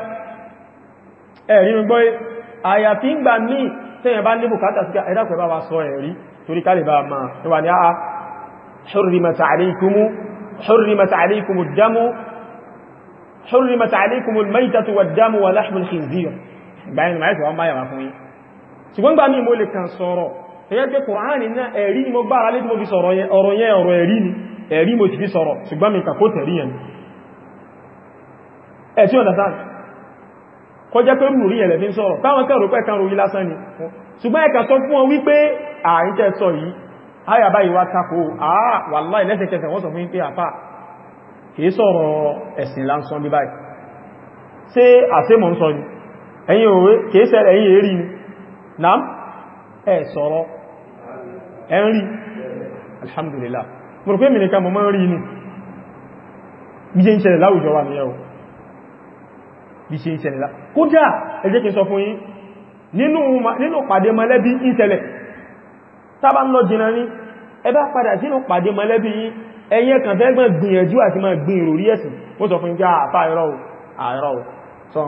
ẹ̀rí gbọ́ aya tí ń gbà míì tẹ́yẹ bá ní bùkátà sí ẹ̀dàkùn bá wa sọ ẹ̀rí torí ká lè bá ma níwà ní àá ṣorrimata alaikumu ṣorrimata alaikumu damu ṣorrimata alaikumu maitatu wa damu wa lahmul khinzir bayan ma yake wọn báyà wá fún yí ṣùgbọ́n gbá mi mo lè kan sọ̀rọ̀ tẹ́yẹ pé kùránì náà ẹ̀rí ni mo gbára lé fi sọ̀rọ̀ ọ̀rọ̀ yẹn ọ̀rọ̀ ẹ̀rí ni ẹ̀rí mo ti fi sọ̀rọ̀ ṣùgbọ́n mi kàkó tẹ̀rí yẹn ẹ̀ tí ó kọjá pé mú rí ẹ̀lẹ̀ fi ń sọ̀rọ̀ táwọn kẹrò pẹ́ kan ròyí lásán ni ṣùgbọ́n ẹ̀kà sọ fún wọn wípé ààrín tẹ́ sọ yìí ayàbá ìwà tako àà wàláì lẹ́sẹ̀kẹsẹ̀ wọ́n sọ fún pé àfà kìí sọ̀rọ̀ ẹ̀sìn lásán bí báyìí ṣé àṣemọ̀ ń sọ ni ẹ̀yin òwe kìí sẹ́rẹ̀ ẹ̀yin èrí ni nam ẹ̀ sọ̀rọ̀ ẹ̀ ń rí alhamdulillah mo rò pé mìnìkan mo mọ́ ń rí ni bí jẹ́ ń ṣẹlẹ̀ láwùjọ wa nìyẹn o bí ṣe ń ṣẹlẹ̀ lá kódà ẹ jẹ́ kí n sọ fún yín nínú pàdé mọ̀lẹ́bí ń ṣẹlẹ̀ tábà ń lọ jìnà ní ẹ bá padà sínú pàdé mọ̀lẹ́bí yín ẹ̀yẹ kan fẹ́ gbọ́n gbìyànjú àti máa gbìn ìròrí ẹ̀sìn ó sọ fún ìjá àfà ẹ̀rọ ààrọ sọ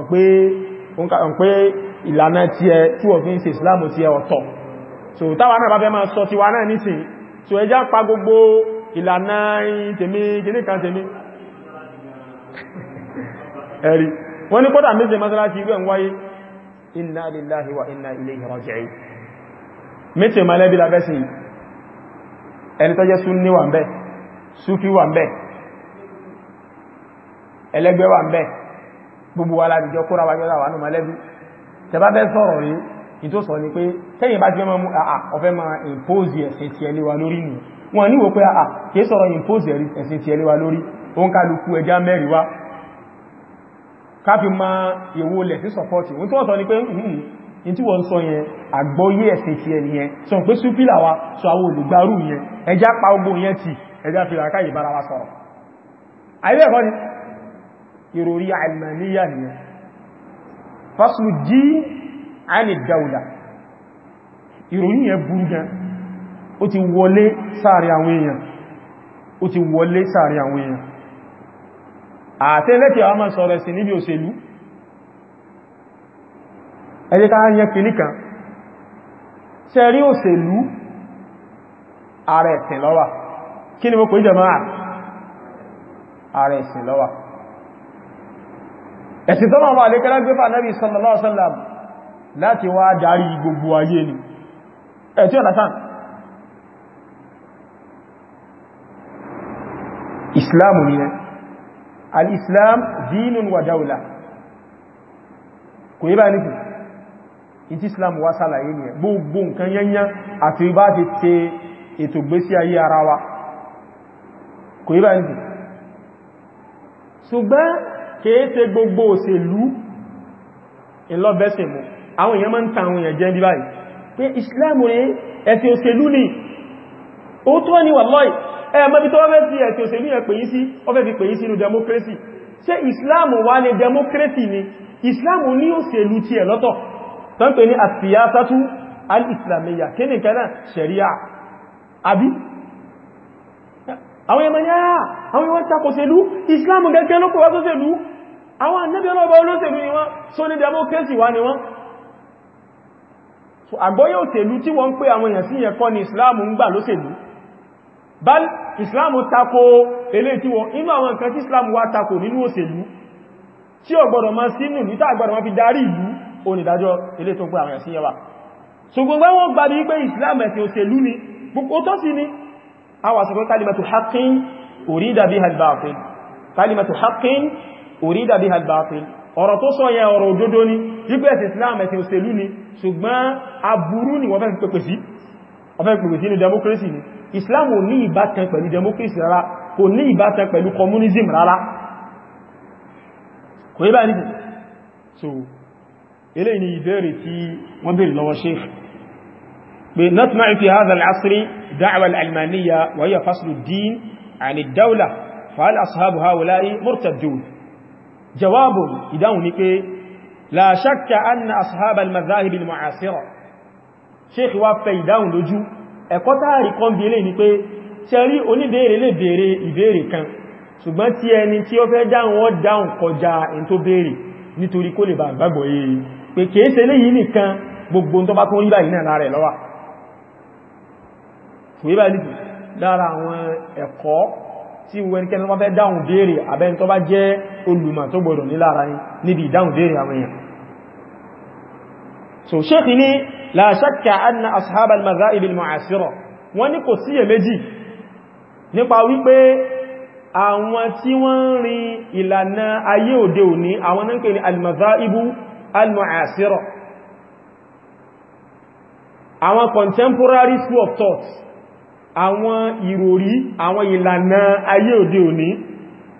pé ìlànà tí ẹ tí wọ́n fi ń ṣe ìsìláàmù tí ẹ ọ̀tọ̀ so táwa náà bá fẹ́ máa sọ tiwa náà nísìn so ẹjá pa gbogbo ìlànà tèmi kìníkan tèmi ẹ̀rí wọ́n ní kọ́tà méje mọ́sálásí irú ẹ̀n wáyé inna lillahi wa inna ilayhi raji'un méje mọ́lẹ́bí labẹ́sí ẹni tó jẹ́ súnni wà ń bẹ súfí wà ń bẹ ẹlẹ́gbẹ́ wà ń bẹ gbogbo wa lábìjọ kóra wájọ́ wà ni pé tẹ́yìn bá ti fẹ́ mọ́ àà ọ̀fẹ́ ma impose ẹ̀sìn ti wa káfí ma èwo lẹ̀ sí sọpọ́tì wọ́n tó wọ́n sọ ní pé hmm, ní tí wọ́n sọ yẹn àgbọ́yé ẹ̀sìn ti ẹni yẹn sọ pé súpìlà wa sọ àwọn olùgbàrú yẹn ẹjá pa ogun yẹn ti ẹjá fi ràká ìbára wa sọ̀rọ̀ ayé ẹ̀kọ́ ni ìròrí àìmàníyà nìyẹn fásilù jí àìní dáúdà ìròrí yẹn burú gan ó ti wọlé sáàrin àwọn èèyàn ó ti wọlé sáàrin àwọn èèyàn àti ẹlẹ́kì àwọn máa sọ̀rọ̀ sí níbi òṣèlú ẹjẹ́ ká yẹ kìíní kan ṣe rí òṣèlú ààrẹ ẹ̀sìn lọ́wà kí ni mo pè jẹ máa ààrẹ ẹ̀sìn lọ́wà ẹ̀sìn tó máa wà lé kẹ́lá gbé fàánàbí sallallahu alaihi wasallam láti wá darí gbogbo ayé ni ẹ̀tí ọ̀nàtàn ìsìláàmù ni ẹ́ al-islam dínun wa dáúlà kò yí bá nìkù ìtí islam wá sàlàyé ni gbogbo nǹkan yẹnyẹn àti bá ti tẹ ètò gbésí ayé ara wa kò yí bá nìkù ṣùgbọ́n kéèsè gbogbo òṣèlú ìlọ́bẹ̀ẹ́sẹ̀ mú àwọn èèyàn máa ń ta àwọn èèyàn jẹ́ bí báyìí ẹ̀mọ́bí tó wọ́n fẹ́ ti ẹ̀sìn òṣèlú yẹn pè yí sí wọ́n fẹ́ fi pè yí sínú democracy ṣé islam wà ní democracy ni islam ní òṣèlú ti ẹ̀ lọ́tọ̀ tó ń pè ní àfíyásátú al-islamiyya kí ni kanáà sharia àbí àwọn ẹmọ yáà ah, àwọn ìwọ́n takòṣèlú islam gẹ́gẹ́ ló kọwàá sóṣèlú àwọn ànábì ọlọ́ọ̀bá olóṣèlú ni wọ́n só ní democracy wá ni wọ́n àgbọ́yẹ̀ òṣèlú tí wọ́n ń pè àwọn èèyàn sí ẹ̀kọ́ ni islam ń gbà lóṣèlú bal islam tako ele tí wọ́n inú àwọn nǹkan tí islam wá tako nínú òṣèlú tí ó gbọ́dọ̀ ma sínú ní tá gbọ́dọ̀ ma fi darí ìlú onídájọ́ ele tó ń pè àwọn ẹ̀sìn yẹn wá so gbogbo wọn gbà bí pé islam ẹ̀sìn òṣèlú ni gbogbo tó sì ni a wà sọ pé kalimatu haqqin urida biha al-batil kalimatu haqqin urida biha al-batil ọ̀rọ̀ tó sọ yẹn ọ̀rọ̀ òdodo ni wípé ẹ̀sìn islam ẹ̀sìn òṣèlú ni ṣùgbọ́n aburú ni wọ́n fẹ́ pèpè sí ní democracy ni islam ò ní ìbátan pẹ̀lú democracy rárá kò ní ìbátan pẹ̀lú communism rárá kò yí bá ní so ilé ni ìbẹ̀rẹ̀ tí wọ́n bèèrè lọ́wọ́ sheikh pé natma'i fi hadha al-asri da'wa al-almaniya wa hiya faslu ad-din 'an ad-dawla fa hal ashabu ha'ula'i murtaddun jawabun idan ni pé la shakka anna ashab al-madhahib al-mu'asira sheikh wa fa ìdáhùn lójú ẹ̀kọ́ táàrí kan bí ilé ni pé tí a rí oníbèèrè lè bèèrè ìbèèrè kan ṣùgbọ́n tí ẹni tí ó fẹ́ dáhùn ó dáhùn kọjá ẹni tó bèèrè nítorí kó lè bá gbàgbọ́ yìí e. pé kìí ṣe léyìí nìkan gbogbo tó bá tó rí báyìí náà lára ẹ̀ lọ́wà fòye bá nìtò lára àwọn ẹ̀kọ́ tí wẹnikẹ́ni wọ́n fẹ́ dáhùn so ṣéèkì ní la shakka anna ashab al-madhahib al-mu'asira wọ́n ní kò síyè méjì nípa wípé àwọn tí wọ́n ń rin ìlànà ayé òde òní àwọn náà ń al-madhahib al-mu'asira àwọn contemporary school of thought àwọn ìròrí àwọn ìlànà ayé òde òní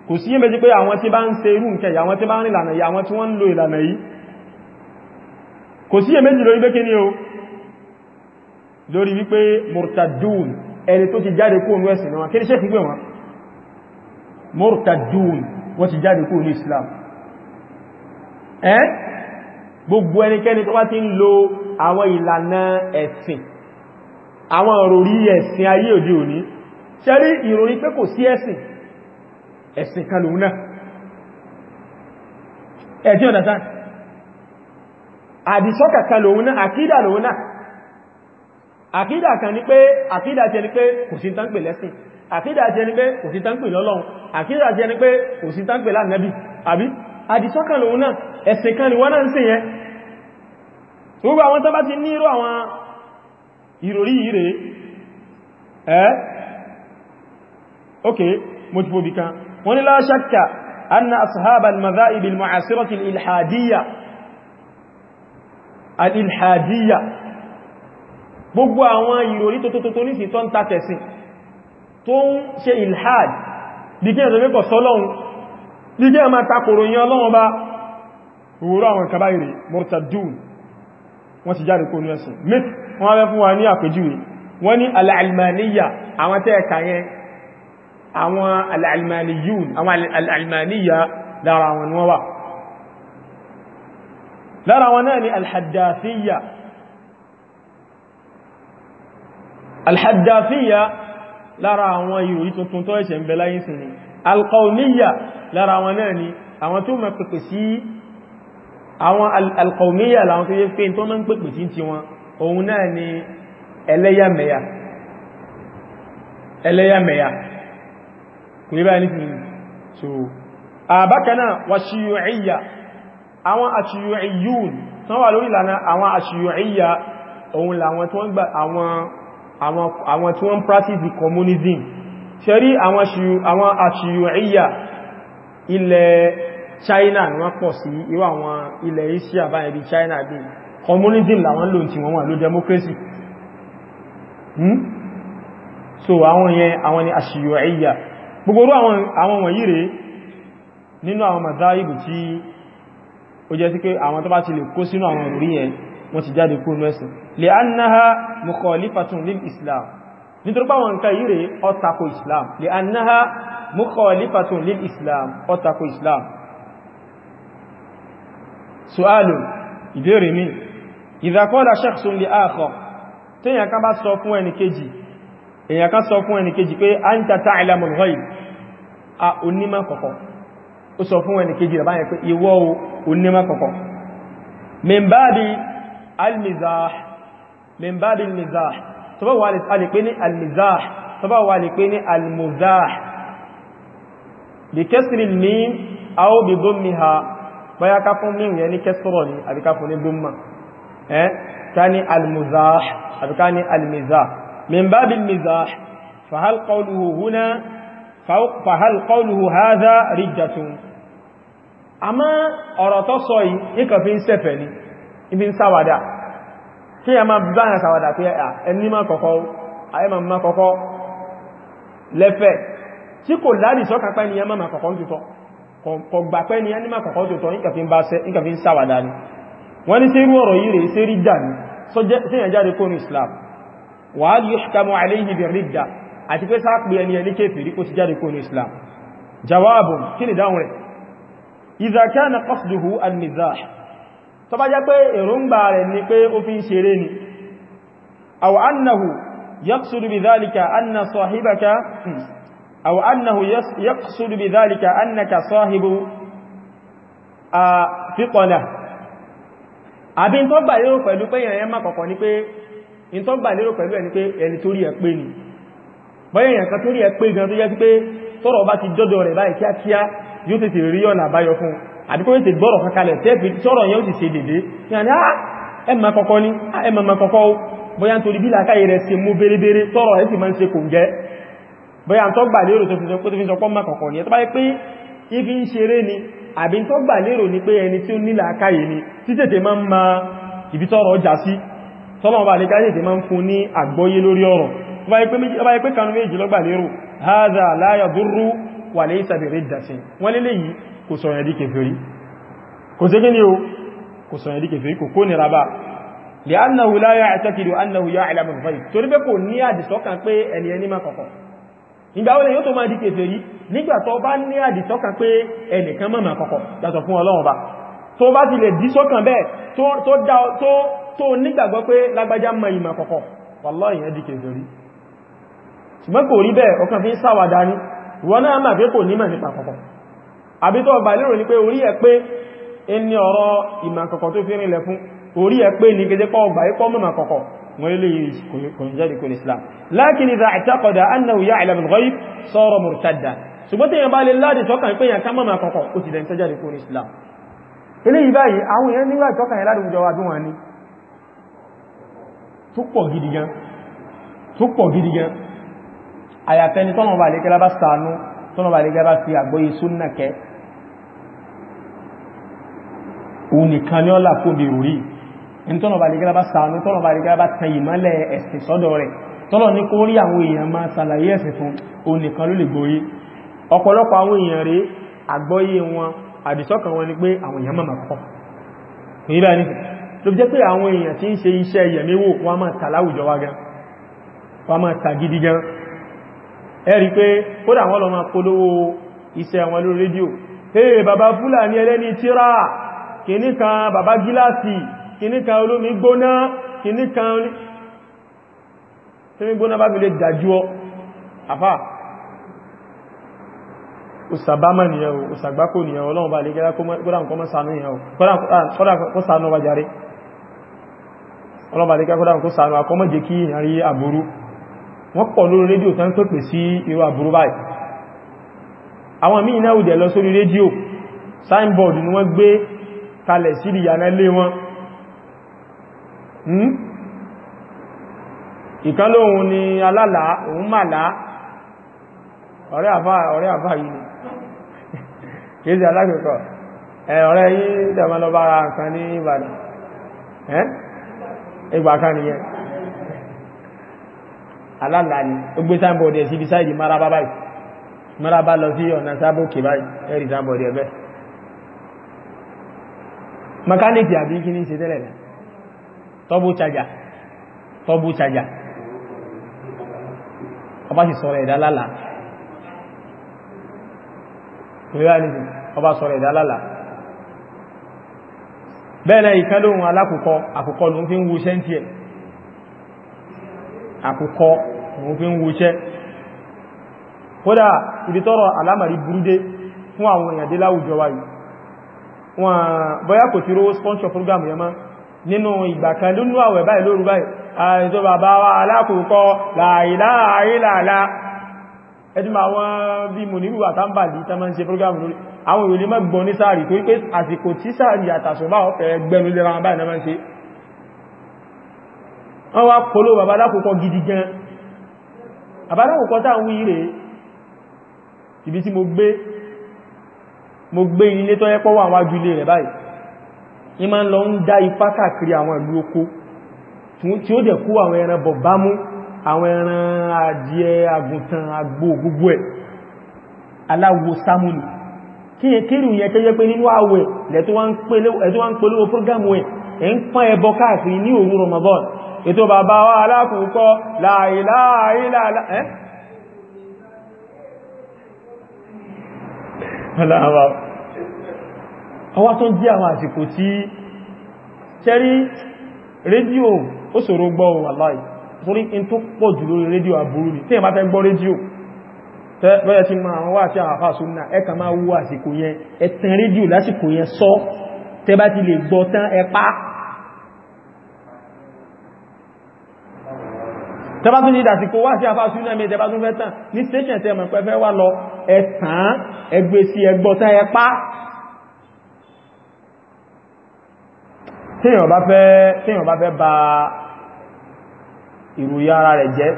kò síyè méjì pé àwọn tí bá ń ṣe irú nkẹyà àwọn tí bá ń rìn ìlànà yìí àwọn tí wọ́n ń lo ìlànà yìí kò sí èméjì lórí bẹ́kẹ́ ní o lórí wípé murtadun ẹni tó ti jáde kó ní ẹ̀sìn wọn kéde sẹ́kùn pé wọn murtadun wọ́n ti jáde kó ní Islam ẹ́n gbogbo ẹnikẹ́ni tó wá ti ń lo àwọn ìlànà ẹ̀sìn àwọn òròrí ẹ̀sìn ayé òde òní ṣẹ́rí ìròrí pé kò sí ẹ̀sìn ẹ̀sìn kan lòun náà ẹ̀tí ọ̀dá sáà àdìsọ́kà kan lòun náà àkídà lòun náà àkídà kan ní pé àkídà jẹ́ ni pé kò sí tán pè lẹ́sìn àkídà jẹ́ ni pé kò sí tán pè lọ́lọ́run àkídà jẹ́ ni pé kò sí tán pè lánàbí àbí àdìsọ́kà lòun náà ẹ̀sìn kan ni wọ́n náà ń sìn yẹn alìlhàjíyà gbogbo àwọn ìròrí tó tó tó ní sí tó ń tàtẹ̀sìn tó ń ṣe ilhaj díkẹ́ ẹ̀sọ́ mẹ́kọ̀ sọ́lọ́un díkẹ́ ẹ̀mà takòrò yẹn ọlọ́wọ́n bá rúrú àwọn kàbáyìrì murtadun wọ́n ti jáde kó ní ẹ̀sìn lára wọn náà ni alhaddafiya alhaddafiya lára àwọn ìròyí tuntun tó ẹ̀ṣẹ̀ ń bẹ láyé sí ni alkauniya lára wọn náà ni àwọn tó mẹ́ pẹ̀pẹ̀ sí àwọn alkauniya láwọn tó yẹ pé tó mẹ́ pẹ̀pẹ̀ sí ti wọn òun náà ni ẹlẹ́yàmẹ̀yà ẹlẹ́yàmẹ̀yà àwọn àṣìyùn tán wà lórí ìlànà àwọn àṣìyùnìyà òun làwọn tí wọ́n gbà àwọn tí wọ́n practice communism ṣe rí àwọn àṣìyùnìyà ilẹ̀ China ni wọ́n pọ̀ sí irú àwọn ilẹ̀ Asia báyẹ̀ bí China bí communism làwọn lò tí wọ́n wà ló democracy hmm? so àwọn yẹn àwọn ni àṣìyùnìyà gbogbo àwọn wọ̀nyí rẹ̀ nínú àwọn mazaibu tí ó jẹ́ sí pé àwọn tó bá ti lè kó sínú àwọn ìròrí yẹn wọ́n ti jáde kú nú ẹ̀sìn lè annáha mukhalifatun lil islam nítorí pé àwọn nǹkan yìí rèé ó tako islam lè annáha mukhalifatun lil islam ó islam su'alu ìbéèrè mi idha qala shakhsun li ó sọ fún ẹni kejì rẹ̀ báyẹ̀ pé ìwọ onímọ̀ kọ̀kọ̀ mẹ́mbáàdì almizah mẹ́mbáàdì almizah tó bá wà lè pé ní almizah tó bá wà lè pé ní almuzah bí kẹsìrì ní àwọ́ bí gómi ha báyá ká fún mí rẹ̀ ní kẹsìrọ̀ ní àbíká fún ní gómà ẹ́ ká ní almuzah àbíká ní almizah mẹ́mbáàdì almizah fahal qawluhu huna fàhàl qawluhu hadha rijdatun àmá ọ̀rọ̀ tó sọ yìí níkan fi ń sẹ́fẹ̀ ní ibi ń sáwàdà kí a máa báyà sáwàdà pé ẹni máa kọ̀kọ́ ayẹ́mà máa kọ̀kọ́ lẹ́fẹ̀ tí kò láàrí sọ́kà pẹ́ ni ẹmà máa kọ̀kọ́ tutọ́ kọ̀ gbà pẹ́ ni ẹni máa kọ̀kọ́ tutọ́ níkan fi ń sáwàdà ni wọ́n ní sẹ́rú ọ̀rọ̀ yìí rẹ̀ sẹ́rí dà ní sẹ́yàn jáde kó ní Islam wàhálì yóò ṣùkámọ́ àti pé sáàpì ẹni ẹni kéfèrí kó ti jáde kó ní islam jawabun kí ni dáhùn rẹ̀ idha kana qasduhu al-mizah tó bá jẹ́ pé èròǹgbà rẹ̀ ni pé ó fi ń ṣeré ni aw annahu yaqsudu bidhalika anna sahibaka aw annahu yaqsudu bidhalika annaka sahibu a fiqala àbí ìtọ́gbà lérò pẹ̀lú pé ẹ̀yẹn má kọ̀kọ̀ ni pé ìtọ́gbà lérò pẹ̀lú ẹni pé ẹni torí ẹ̀ pé ni bọ́yẹ̀ èèyàn kan tó rí ẹ pé gan tó jẹ́ sí pé tọ́rọ̀ bá ti dọ́dọ̀ rẹ̀ báyìí kíákíá yóò tètè rí ọ̀nà àbáyọ fún àbíkó yóò tètè gbọ́rọ̀ kankalẹ̀ tẹ́ẹ̀fì tọ́rọ̀ yóò ti ṣe dédé yàní á ẹmà kọ́kọ́ ní ẹmà mà kọ́kọ́ ó bọ́yá nítorí bí làákàyè rẹ̀ ṣe mú bérebére tọ́rọ̀ ẹ̀ sì máa ń ṣe kò ń jẹ́ ni àbí tó gbà lérò ọjà sí tọ́lọ̀ ọba àlékà tètè máa ń fún ní àgbọ́yé lórí ọ̀rọ̀ ọba ipé kanu méjì lọ́gbà lérò haza la yadurru wa laysa bi riddatin wọ́n lélẹ̀ yìí kò sọ yẹ̀dí kèfèrí kò sí gíní o kò sọ yẹ̀dí kèfèrí kò kó nira bá lè annahu la ya'taqidu annahu ya'lamu al-ghaib torí pé kò ní àdìsọ́kàn pé ẹni ẹni máa kọ̀kọ̀ ìgbà olè yóò tó máa di kèfèrí nígbà tó bá ní àdìsọ́kàn pé ẹnìkan máa máa kọ̀kọ̀ yàtọ̀ fún Ọlọ́run bá tó bá ti lè dísọ́kàn bẹ́ẹ̀ tó nígbàgbọ́ ṣùgbọ́n kò rí bẹ́ẹ̀ ọkàn fi ń sáwàdá ní wọ́n náà máa fẹ́ kò nímọ̀ nípa kọ̀kọ̀ àbí tó ọba lérò ní pé orí ẹ pé ẹni ọ̀rọ̀ ìmọ̀ kọ̀kọ̀ tó fi rìnlẹ̀ fún orí ẹ pé ní gẹ́gẹ́ pọ̀ ọgbà ikọ́ mọ̀ kọ̀kọ̀ sara murtadda ṣùgbọ́n tí yẹn bá lè láti tọ́kàn pé yẹn ká mọ̀ kọ̀kọ̀ ó ti dẹ̀ ń jáde kò ní Islam eléyìí báyìí àwọn èèyàn nígbà tọ́kàn yẹn tó pọ̀ gidi gan àyàfẹ́ni tọ́nà bá lékẹ́lá bá sàánú tọ́nà bá lékẹ́lá bá fi àgbóyé súnnà kẹ́ òun nìkan ní ọ́là fún bí orí ní tọ́nà bá lékẹ́lá bá sàánú tọ́nà bá lékẹ́lá bá tẹ ìmọ́lẹ̀ ẹ̀sìn sọ́dọ̀ rẹ̀ tọ́nà ní kó rí àwọn èèyàn máa sàlàyé ẹ̀sìn fún òun nìkan ló lè gbóyé ọ̀pọ̀lọpọ̀ àwọn èèyàn rí àgbọ́yé wọn àdìsọ́kàn tó jẹ́ pé àwọn èèyàn tí ń ṣe iṣẹ́ ìyẹ̀míwò wọ́n máa tà láwùjọ wá gan wọ́n máa tà gidi gan ẹ̀rí pé kódà wọ́n lọ máa polówó iṣẹ́ wọn lórí rédíò hey bàbá fúlàní ẹlẹ́ni tíra kìní kan bàbá gíláàsì kìní kan olómi gbóná kìní kan olómi gbóná bá fi lè dájú ọ àfá òsàbámà nìyẹn o òsàgbákò nìyẹn ọlọ́run bá lè gẹ́lá kódà nǹkan mọ́ sànú ìyẹn o kódà kó sànú ah, ọba jàre ọlọ́run bá lè gẹ́lá kódà nǹkan sànú àkọ́mọ́jẹ́ kí ìyàrí àbúrú wọ́n pọ̀ lórí rédíò tán pèpè sí irú àbúrú báyìí àwọn míì náà ìdẹ̀ lọ sórí rédíò signboard ni wọ́n gbé kalẹ̀ sí ìyànà ilé wọn hmm? ìkan lóhun ni alálà òun màlá ọ̀rẹ́ àfá ọ̀rẹ́ àfá yìí kéèsì alákẹ́kọ̀ọ́ ọ̀rẹ́ yìí dẹ̀mọ́lọ́bára kan ní Ìbàdàn ìgbà kan nìyẹn alálà ni ó gbé signboard ẹ̀ síbi sáìdì maraba báyìí maraba lọ sí ọ̀nà sábòkè báyìí ẹ̀rì signboard ẹ̀ bẹ́ẹ̀ mẹkáníkì àbí kí ní ṣe tẹ́lẹ̀ rẹ̀ tọ́bù chájà tọ́bù chájà ọba sì sọ̀rọ̀ ẹ̀dá lálà ọba sọ̀rọ̀ ẹ̀dá lálà bẹ́ẹ̀lẹ̀ ìkẹ́lóhun alákùkọ àkùkọ ló ń fi ń wo sẹ́ntì ẹ̀ àkùkọ òun fi ń wuṣẹ́ kódà ibi tọ́rọ alámàrí burúdé fún àwọn èèyàn dé láwùjọ wa yìí wọn bọ́yá kò ti rówó sponsor program yẹn mọ́ nínú ìgbà kan ló nú àwẹ̀ báyìí lóru báyìí àìsọ bàbá wa alákòókò láìláàílàlá program lórí àwọn ìròlé mọ́ gbọ́n ní sáàrì tó pé àsìkò tí sáàrì àtàṣọ́bá ọ̀fẹ́ gbẹ̀rù wọ́n wá polówó bàbá alákòókò gidi gan àbáláwò kọ́ tàà ń wí rẹ̀ ibi tí mo gbé mo gbé ilé tó yẹ́pọ́ wà wájú ilé rẹ̀ báyìí ní ma ń lọ ń dá ipá káàkiri àwọn ìlú oko tí ó dẹ̀ kó àwọn ẹran bọ̀bámú àwọn ẹran adìẹ àgùntàn àgbò gbogbo ẹ̀ aláwo sámúlù kí yẹn kéré yẹn tẹ́jẹ́ pé nínú àwẹ̀ lẹ́tọ́ wá ń polówó prógámù ẹ̀ ń pán ẹbọ káàkiri ní òru Ramadan ètò bàbá wa alákòókọ́ láìláìláà ẹ́ ọwá tó jẹ́ àwọn àsìkò tí tẹ́rí rédíò ó ṣòro gbọ́ wàláì torí in tó pọ̀ jù lórí rédíò àbúrú ní tí ẹ bá fẹ́ gbọ́ rédíò bẹ́ẹ̀ tí máa wà tí àwọn àfáà súnnà ẹ kà máa wú àsìkò yẹn ẹ tàn rédíò lásìkò yẹn sọ tẹ́ bá ti lè gbọ́ tán ẹ pa tẹbá tún ní ìdásíkò wá sí afá súnà mi tẹbá tún fẹ́ tàn ní station tẹ mọ̀ pẹ́fẹ́ wà lọ ẹ̀tàn ẹgbẹ́ sí ẹgbọ́tán ẹpá tíyàn bá fẹ́ ba ìròyìn ara rẹ̀ jẹ́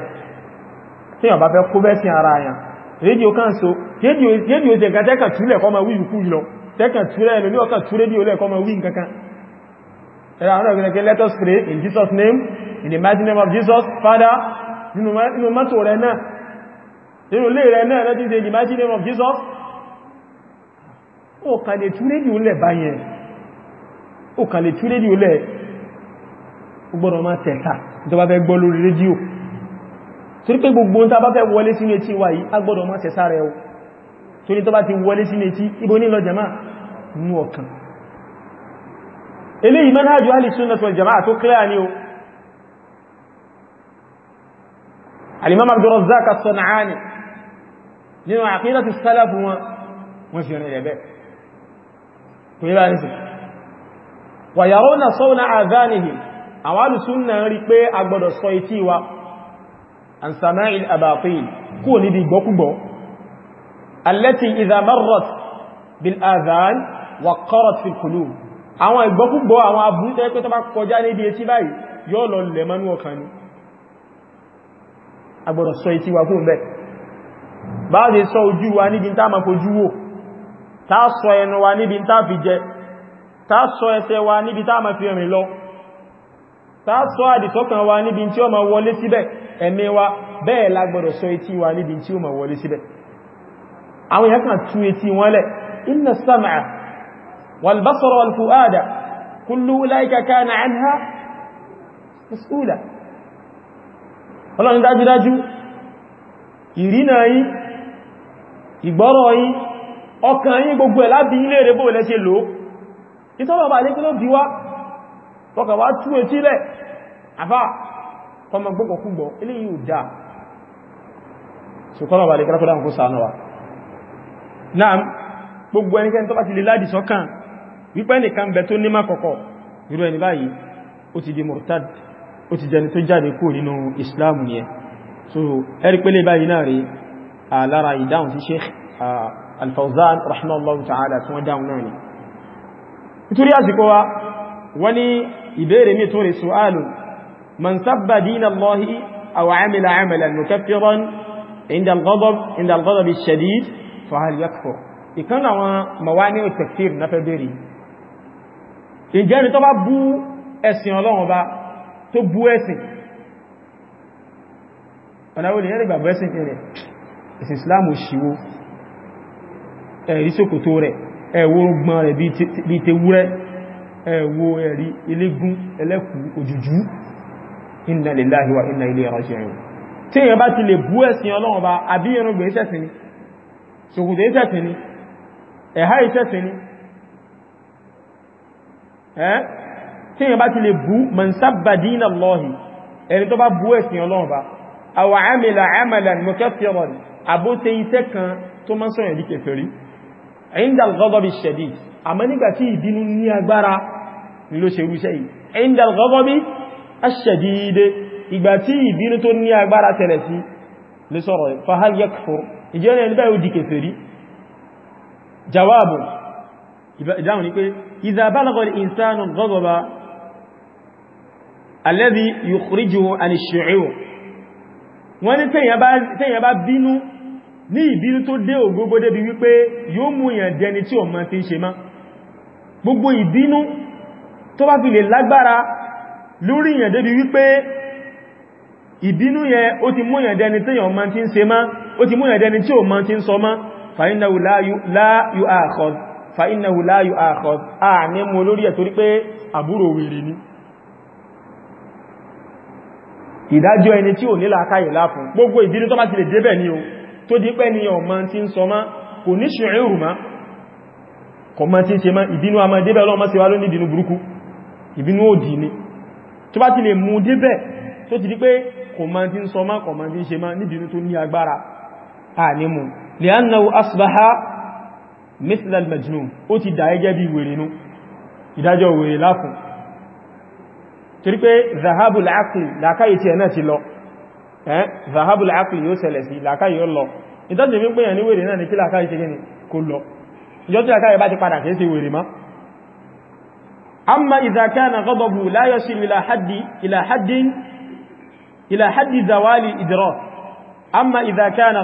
tíyàn bá fẹ́ kó bẹ́ sí ara àyàn rédíò kan so rédíò jẹ́ gàtẹ́kà túlẹ̀ kọ́ ma wí ìkú yìí lọ tẹ́kà túlẹ̀ lórí ọkà tú rédíò lẹ́kọ́ ma wí nǹkankan ẹ̀rọ àwọn ọ̀gbìnrin us pray in Jesus name in the mighty name of Jesus Father nínú mọ́tò rẹ̀ náà nínú ilé rẹ̀ náà lẹ́tí in the mighty name of Jesus ó kàn lè túnlé ní olẹ́ báyẹn ó kàn lè túnlé ní olẹ́ gbọ́nà máa tẹ̀ta tó bá fẹ́ gbọ́ lórí rédíò torí pé gbogbo ta bá fẹ́ wọlé sí etí wà yìí a gbọ́dọ̀ máa tẹ̀sá rẹ̀ o torí tó bá ti wọlé sí etí ibo ní lọ jama nú ọkàn eléyìí manhaju ahli sunnah wal jamaa tó clear ní o alimam abdurrazzaq as-san'ani nínú àkídàtí sálàfù wọn wọ́n fi rìn ẹ̀bẹ̀ kò yíba ní sí wà yàrá na sọ́wọ́n àzánihì àwọn alùsùn náà rí pé a gbọ́dọ̀ sọ etí wa an sama'il abatil kúrò níbi gbọ́kúgbọ́ allati idha marrat bil azan wa qarat fil qulub àwọn ìgbọ́kúgbọ́ àwọn abúrútẹ́ pé tó bá kọjá níbi etí báyìí yóò lọ lẹ̀mánú ọkàn ni agbọ́dọ̀ sọ etí wa kó ń bẹ́ bá lè sọ ojú wa níbi tá ma fojú wò tá sọ ẹnu wa níbi tá fi jẹ tá sọ ẹsẹ̀ wa níbi tá ma fi rìn lọ tá sọ àdìsọ́kàn wa níbi tí ó ma wọlé síbẹ̀ ẹ̀mí wa bẹ́ẹ̀ la gbọ́dọ̀ sọ etí wa níbi tí ó ma wọlé síbẹ̀ àwọn èèyàn kan tú etí wọn lẹ̀ inna sam'a wal basara wal fu'ada kullu ulaika kana anha ọlọ́run dájúdájú ìrìnà yí ìgbọ́rọ̀ yí ọkàn yí gbogbo ẹ̀ lábí ilé rẹ̀ bóòlẹ́ ṣe lò ìtọ́bàbà lé kí ló bí wá tọkàwà tú etílẹ̀ àfá tọmọ gbogbo kúgbọ̀ ilé yìí dá ṣùkọ́lọ̀bà lè kí ló sànú wa naam gbogbo ẹnikẹ́ni tó bá ti lè ládi sọ́kàn wípé nìkan bẹ tó ní má kọ̀kọ̀ irú ẹni ó ti jẹni tó jáde kúrò nínú islam yẹn so ẹ̀rí pẹ́lẹ̀ báyìí náà rí lára ìdáhùn tí sheikh al-Fawzan rahimahullahu ta'ala tí wọ́n dáhùn náà ni nítorí àsìkò wa wani ìbéèrè mi tó rí su'alu man sabba dina Allahi aw amila amalan mukaffiran inda al-ghadab inda al-ghadab ash tó bá bú ẹ̀sìn Ọlọ́run bá tó bú ẹ̀sìn ọ̀nà olè yẹ́ ìgbàgbọ́ ẹ̀sìn tẹ́rẹ ẹ̀sìn islam ṣíwó ẹ̀rí sókòtó rẹ̀ ẹ̀wọ́ gbọ́n rẹ̀ bí te wúrẹ́ ẹ̀wọ́ ẹ̀rí ilégún ẹlẹ́kù òjùjú inna lillahi wa inna ilayhi raji'un tí èyàn bá ti lè bú ẹ̀sìn ọlọ́run bá àbí irun gbé ìṣẹ́sìn ni sòkòtò ìṣẹ́sìn ni ẹ̀há ìṣẹ́sìn ni tí yẹn bá ti lè bú mọ̀nsábàdínà lọ́hì ẹni tó bá bú ẹ̀sìn ọlọ́run bá àwà àmìlà àmàlà mọ̀kẹ́fẹ́rọ̀n àbóse iṣẹ́ kan tó mọ́ sọ́yẹ̀ díkẹ̀ fẹ́rí ẹ̀yìndàl gọ́gọ́bí ṣẹ̀dí àmọ́ nígbà tí ìbínú ní agbára ni ló ṣe rúṣẹ́ yìí ẹ̀yìndàl gọ́gọ́bí ìdáhùn ni pé ìzàbálagọ̀ ìsánù gọ́gọ́bá alẹ́bí yùkúríjù àníṣẹ̀ẹ́wò wọ́n ní tẹ́yàn bá bínú ní ìbínú tó dé ògógó débi wípé yóò mú èyàn dẹni tí ọmọ ti ń ṣe má gbogbo ìbínú tó bá fi lè lágbára lórí èyàn débi wípé ìbínú yẹn ó ti mú èyàn dẹni tí ọmọ ti ń ṣe má ó ti mú èyàn dẹni tí ọmọ ti ń sọ má fàínàwò ìdájọ́ ẹni tí ò nílà káyè láfún gbogbo ìbínú tó bá ti lè débẹ̀ ní o tó di pẹ́ ní ọmọ tí ń sọ mọ́ kò ní ṣùgbọ́n má kọ mọ́ tí ń ṣe mọ́ ìbínú a mọ́ débẹ̀ ọlọ́mọ́ sí wá ni tó bá ti lè mú débẹ̀ tó ti di pé kò mọ́ tí ń sọ mọ́ torí pé zahabul aqli làkáyì tí ẹ̀ náà ti lọ ẹ́ zahabul aqli yóò ṣẹlẹ̀ sí làkáyì yóò lọ ìtọ́jú mi pèyàn ní wèrè náà ní kí làkáyì ṣe gẹ́ni kó lọ ìjọ tí làkáyì bá ti padà kìí ṣe wèrè mọ́ amma idha kana ghadabu la yasil haddi zawali idrak amma idha kana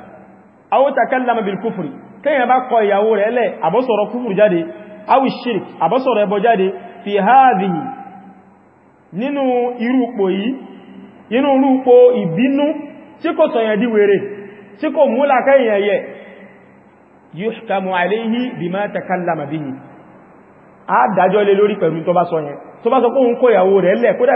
aw takallama bil kufri kéèyàn bá kọ ìyàwó rẹ̀ lẹ̀ àbọ́sọ̀rọ̀ kúfùrù jáde aw shirk àbọ́sọ̀rọ̀ ẹbọ jáde fi hadhihi nínú irúpò yìí inú rúpò ìbínú tí bima takallama bihi a dájọ́ lé lórí pẹ̀lú tó bá sọ yẹn tó bá sọ pé òun kó ìyàwó rẹ̀ lẹ̀ kódà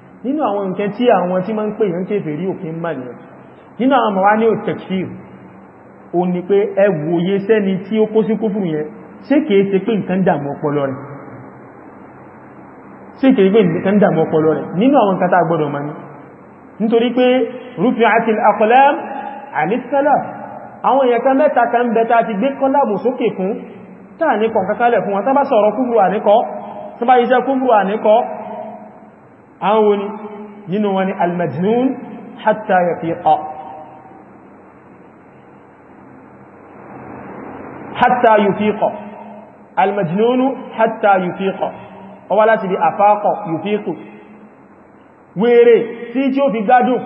nínú àwọn nǹkan tí àwọn tí ma ń pè yàn kéfè rí òfin mà nìyàn nínú àwọn mọ̀wá ní òtẹ̀kìr o ní pé ẹwòye sẹ́ni tí ó kó sí kú fún yẹn ṣé kìí ṣe pé nǹkan dààmú ọpọlọ rẹ̀ ṣé kìí pé nǹkan dààmú ọpọlọ rẹ̀ nínú àwọn nǹkan tá a gbọ́dọ̀ mọ̀ ní nítorí pé rúfin àti àwọn wo ni nínú wọn ni al-majnun hatta yafiqa hatta yufiqa al-majnun hatta yufiqa ó wá láti di afaqa yufiqu wèrè tí tí ó fi gbádùn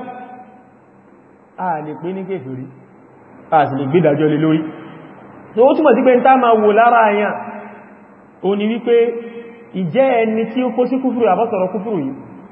a lè pé ní kéfèrí a sì lè gbídàjọ́ lè lórí tó ó túnmọ̀ sí pé ń tá máa wò lára àyàn o wípé ìjẹ́ ẹni tí ó kó sí kúfùrù àbọ́sọ̀rọ̀ kúfùrù yìí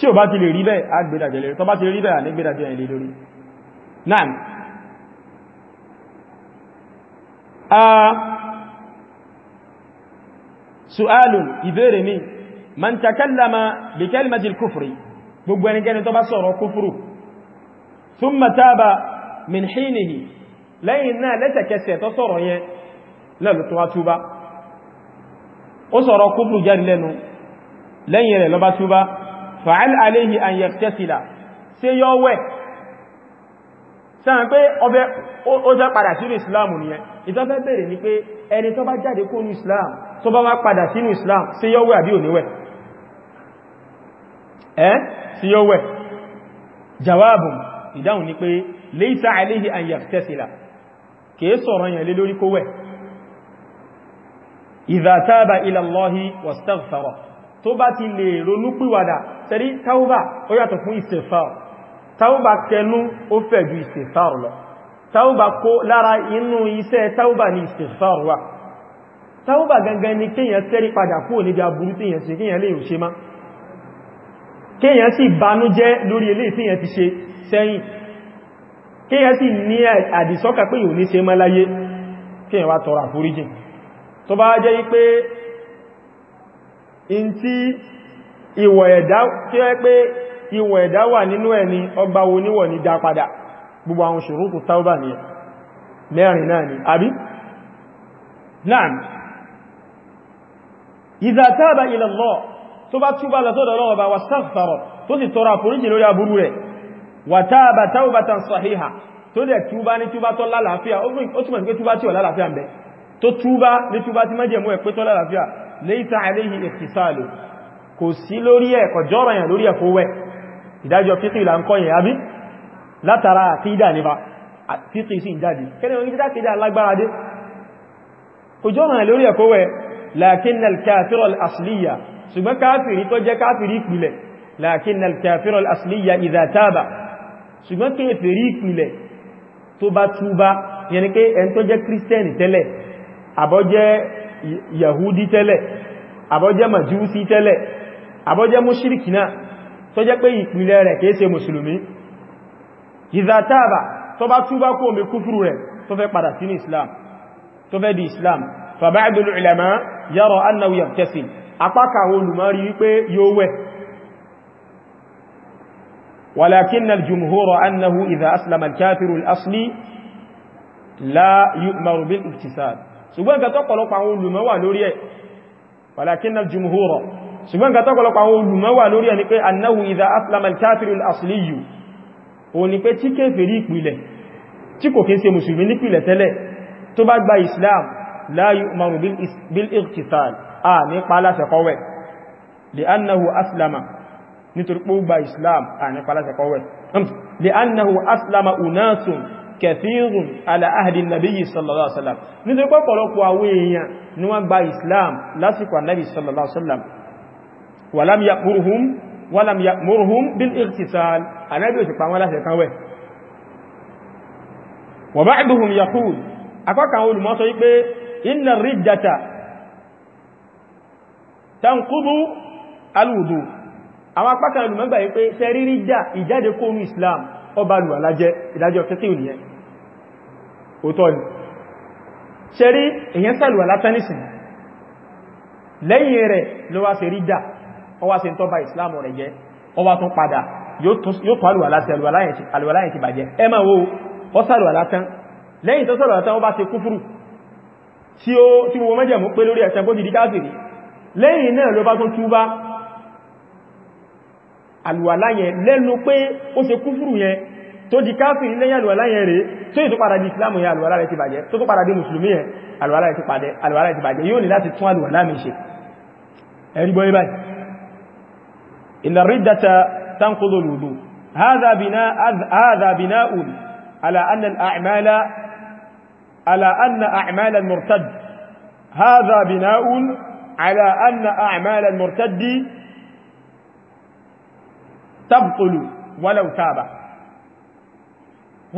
tí ò bá ti lè rí bẹ́ẹ̀ agbẹ́dàjẹ́ lè rí tó bá ti rí bẹ́ẹ̀ agbẹ́dàjẹ́ ilé lórí náà a su'alun ìbéèrè mi man takallama bi kalimatil kufri gbogbo ẹnikẹ́ni tó bá sọ̀rọ̀ kúfúrù thumma taba min hinihi lẹ́yìn náà lẹ́sẹ̀kẹsẹ̀ tó sọ̀rọ̀ yẹn lẹ́lù lẹ́yìn rẹ̀ lọ bá túbá fa'al aléhì an yẹ̀tẹ́sìlá ṣé yóò wẹ̀ sáà pé ọbẹ̀ ó já padà sínú islamu nìyẹn ìtọ́fẹ́ bèèrè ní pé ẹni tó bá jáde kó ní islam tó bá wá padà sínú islam ṣé yóò wẹ̀ àbí ò ní ẹ́ ṣé yóò wẹ̀ jawabun ìdáhùn ní pé laysa aléhì an yẹ̀tẹ́sìlá kìí sọ̀rọ̀ yẹn lé lórí kó wẹ̀ idha taba ila Allahi wastaghfara tó bá ti lè ronú pìwàdà tẹ́rí taubá ó yàtọ̀ fún istighfar taubá kẹnu ó fẹ̀ ju istighfar lọ taubá kó lára inú iṣẹ́ taubá ní istighfar wà taubá gangan ni kíyàn tẹ́rí padà kúrò níbi aburú tíyàn sí kíyàn lè ṣe má kíyàn sì banújẹ́ lórí ilé tíyàn ti ṣe sẹ́yìn kíyàn sì ní àdìsọ́kà pé yóò ní ṣe má láyé kíyàn wá ìwọ̀ ẹ̀dá tí ó yẹ pé ìwọ̀ ẹ̀dá wà nínú ẹ̀ ni ọgbà wo níwọ̀ ní dá padà gbogbo àwọn ṣùrútù tawba ni mẹ́rin náà ni àbí náà ìzà tábà ila Allah tó bá túbà lọ sọ́dọ̀ Ọlọ́run bá wastaghfara tó sì tọrọ àforíjì lórí aburú rẹ̀ wà tábà tawbatan sahiha tó dẹ̀ kò sí lórí ẹ̀ kò jọ́rọ̀ yàn lórí ẹ̀kọ́ wẹ̀ ìdájọ́ fíkì ìlà ń kọ́ yẹn àbí látara àkídà nípa fíkì sí ìjáde kẹ́lẹ̀ orí títà kìdá alágbára dé kò jọ́rọ̀ yàn lórí ẹ̀kọ́ wẹ̀ lakinnal kafirul asliya ṣùgbọ́n káfìrí tó jẹ́ káfìrí ìpìlẹ̀ lakinnal kafirul asliya idha taba ṣùgbọ́n kéfèrí ìpìlẹ̀ tó àbọ́jẹ́ yahudi tẹ́lẹ̀ àbọ́jẹ́ màjúsí tẹ́lẹ̀ àbọ́jẹ́ múṣíríkì náà tó jẹ́ pé ìpìlẹ̀ rẹ̀ kìí ṣe mùsùlùmí ìzàtàbà tó bá túbá kó omi kúfùrù rẹ̀ tó fẹ́ padà sínú islam tó fẹ́ di islam fàbáàdùlù ìlàmá yọ́rọ̀ annáwó yàtẹ́sì apákà olùmọ́rí wípé yóò wẹ̀ walakin al-jumhur annahu idha aslama al-kafiru ṣùgbọ́n nǹkan tọ́pọ̀lọpọ̀ àwọn olùmọ́wà lórí ẹni pé annahu idha aslama al-kafirul asliyu o ni pé tí kéfèrí ìpìlẹ̀ tí kò kí ń ṣe musulmi nípìlẹ̀ tẹ́lẹ̀ tó bá gba islam la yu'maru bil iqtisal a ní pàlásẹ̀ kọwẹ̀ li'annahu aslama nítorí pé ó gba islam ni wọ́n gba islam lásìkò annabi sallallahu alaihi wasallam wàlám yàmúrùhùn wàlám yàmúrùhùn bil irtisal anábí ò sì pa wọ́n láṣẹ kan wẹ̀ wa ba'duhum yaqul akọ́kàn olùmọ́ sọ wípé inna rijjata tanqudu alwudu àwọn apákan olùmọ́gbà wípé sẹ́rí ríjà ìjáde kóòrù islam ọba lù alájẹ́ ìdájọ́ fẹ́kí ò nìyẹn òtọ́ ni sẹ́rí èyàn sàlùwà látánìsìn lẹ́yìn rẹ̀ ló wá ṣe ríjà ọwá sí tọ́ba ìsìláàmù rẹ̀ jẹ́ ọwá tún padà yóò tó àlùwàlá sí àlùwàlá yẹn ti bàjẹ́ ẹ máa wo ọ sàlùwàlá tán lẹ́yìn tó sàlùwàlá tán ó bá ṣe kúfúrù tí ó tí mo mẹ́jẹ̀ mú pé lórí ẹ̀sẹ̀ bójì díkáàkiri lẹ́yìn náà ló bá tún túbá àlùwàlá yẹn lẹ́nu pé ó ṣe kúfúrù yẹn tó di káfìrí lẹ́yìn àlùwàlá yẹn rẹ̀ tó yìí tó padà di ìsìlámù yẹn àlùwàlá rẹ̀ ti bàjẹ́ tó tó padà ibáyìí إن الردة تنقض الوضوء هذا بناء هذا بناء على أن الأعمال على أن أعمال المرتد هذا بناء على أن أعمال المرتد تبطل ولو تاب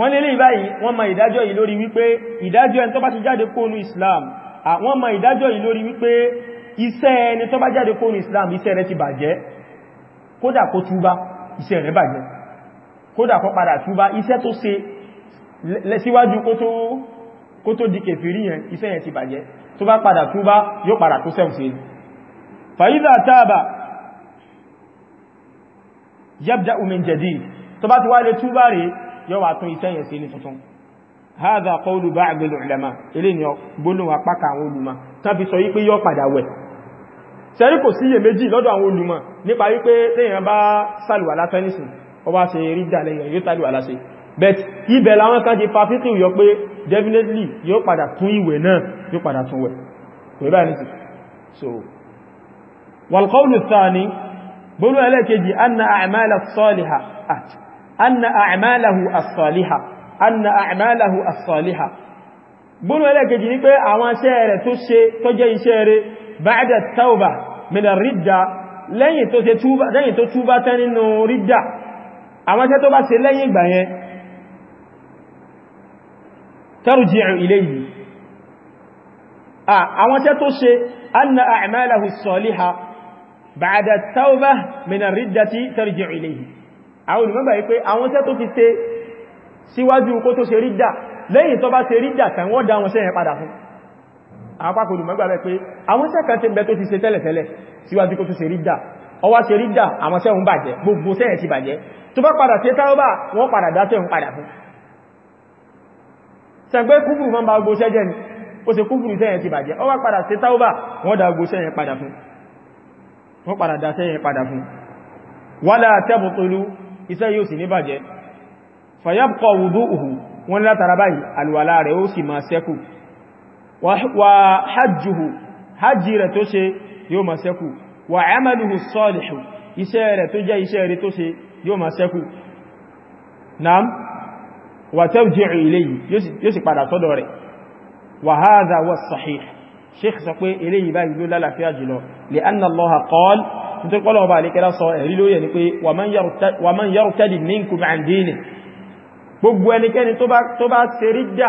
wọ́n lè lè báyìí wọ́n ma ìdájọ́ yìí lórí wípé ìdájọ́ ẹni tó bá ti jáde kónú Islam àwọn ma ìdájọ́ yìí lórí wípé iṣẹ́ ẹni tó bá jáde kónú Islam iṣẹ́ rẹ̀ ti bàjẹ́ kódà kó túbá iṣẹ́ rẹ̀ bàjẹ́ kódà kó padà túbá iṣẹ́ tó ṣe lẹ́síwájú kó tó di kèfèrí yẹn iṣẹ́ yẹn ti bàjẹ́ tó bá padà túbá yóò padà tó sẹ́wọ̀n sí fàyíza tábà yabda'u min jadid tó bá ti wá lè túbá rẹ̀ yóò wà tún iṣẹ́ sẹ́rí kò síyè méjì lọ́dọ̀ àwọn olùmọ̀ nípa wípé téèyàn bá sàlùwà lásán nìsìn ọba ṣe rí dàlẹ̀ èèyàn yóò sàlùwà lásán but ibẹ̀ làwọn kan ti fa yọ pé definitely yóò padà tún ìwẹ̀ náà yóò padà tún wẹ̀ pẹ̀lú báyìí nìsìn ní ah, pé àwọn iṣẹ́ rẹ̀ tó ṣe tó iṣẹ́ rẹ̀ ba'da tawbah mìnà rídà lẹ́yìn tó túbá tẹ́ nínú rídà àwọn iṣẹ́ tó bá ṣe lẹ́yìn ìgbà yẹn tarji'u ilayhi àwọn iṣẹ́ tó ṣe anna a'malahu as-salihah ba'da at-tawbah mìnà rídàtí tarji'u ilayhi àwọn olùmọ́gbà yí pé àwọn iṣẹ́ tó ti ṣe síwájú kó tó ṣe rídà lẹ́yìn tó bá ṣe rídà tàwọn dáwọn sẹ́yẹn padà fún àpapọ̀ olùmọ́gbàbẹ́ pé àwọn iṣẹ́ kan ti bẹ tó ti ṣe tẹ́lẹ̀tẹ́lẹ̀ síwájú kó tó ṣe rídà ọwá ṣe rídà àwọn iṣẹ́ òun bàjẹ́ gbogbo sẹ́yẹ̀ ti bàjẹ́ tó bá padà ṣe táwọ́bà wọ́n padà dáṣẹ́ òun padà fún sẹ́gbẹ́ kúfùrù mọ́ bá gbogbo iṣẹ́ jẹ́ ni ó ṣe kúfùrù sẹ́yẹ̀ ti bàjẹ́ ọwá padà ṣe táwọ́bà wọ́n dá gbogbo sẹ́yẹ̀ padà fún wọ́n padà dá sẹ́yẹ̀ padà fún wala tabtulu iṣẹ́ yóò sì ní bàjẹ́ fayabqa wudu'uhu wọ́n látara báyìí alwala rẹ̀ ó sì máa sẹ́kù wa hajjuhu hajji rẹ̀ tó ṣe yóò ma ṣẹ́kù wa amaluhu salihu iṣẹ́ rẹ̀ tó jẹ́ iṣẹ́ rẹ̀ tó ṣe yóò ma ṣẹ́kù naam wa tarji'u ilayhi yóò sì padà sọ́dọ̀ rẹ̀ wa hadha wa sahih gbogbo ẹnikẹ́ni tó bá ṣe rídà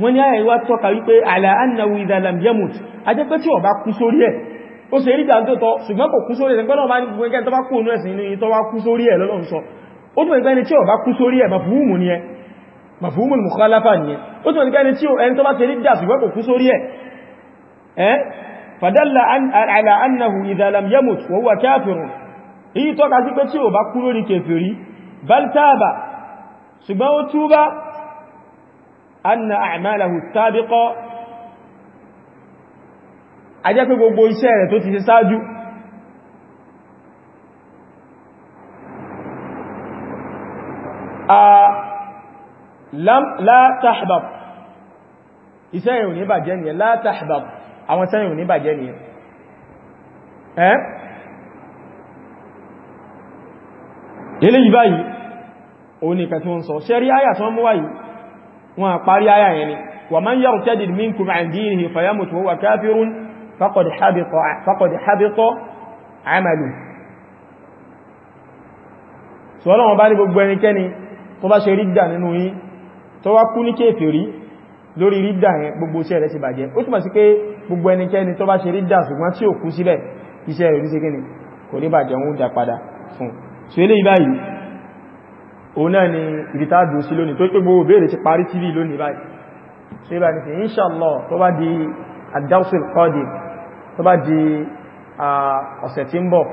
wọ́n ní àyà ìwá tọ́ka wípé àlàánàwò ìdàlàm yẹmùt a jẹ́ pé tí ó bá kú sórí ẹ̀ ó ṣe rígbà tó tọ́ ṣùgbọ́n kò kú sórí ẹ̀ gbọ́nà bá ní gbogbo tó bá kú ònú ẹ̀sìn ní tó bá kú sórí ẹ̀ lọ́lọ́n sọ ó tún ẹgbẹ́ni tí ó bá kú sórí ẹ̀ mafúhùmù ni ẹ mafúhùmù mukhalafa ni ẹ ó tún ẹgbẹ́ni tí ṣùgbọ́n ó túbá anna a'malahu sabiqa a jẹ́ pé gbogbo iṣẹ́ rẹ̀ tó ti ṣe sáájú a la tahbab iṣẹ́ yìí ò ní bàjẹ́ nìyẹn la tahbab àwọn iṣẹ́ yìí ò ní bàjẹ́ nìyẹn ẹ́ ilé yìí báyìí òun nìkan tí wọ́n sọ ṣẹ́rí áyà tí wọ́n mú wáyìí wọn parí ayà yẹn ni wa man yartadid minkum an dinihi fayamut wa huwa kafirun faqad habita faqad habita amalu so ọlọ́wọ́n bá ní gbogbo ẹnikẹ́ni tó bá ṣe rídà nínú yín tó wá kú ní kéfèrí lórí rídà yẹn gbogbo iṣẹ́ rẹ̀ sì bàjẹ́ ó túnmọ̀ sí pé gbogbo ẹnikẹ́ni tó bá ṣe rídà ṣùgbọ́n tí ò kú sílẹ̀ iṣẹ́ rẹ̀ rí sí kíni kò ní bàjẹ́ òun dà padà fún so eléyìí báyìí òun náà ni ìrítàdù sí lónìí tó pé gbogbo béèrè ti parí tv lónìí báyìí ṣe bá ní fi inṣàlọ́ tó bá di adáwọ̀sí kọ́dì tó bá di ọ̀sẹ̀ tí ń bọ̀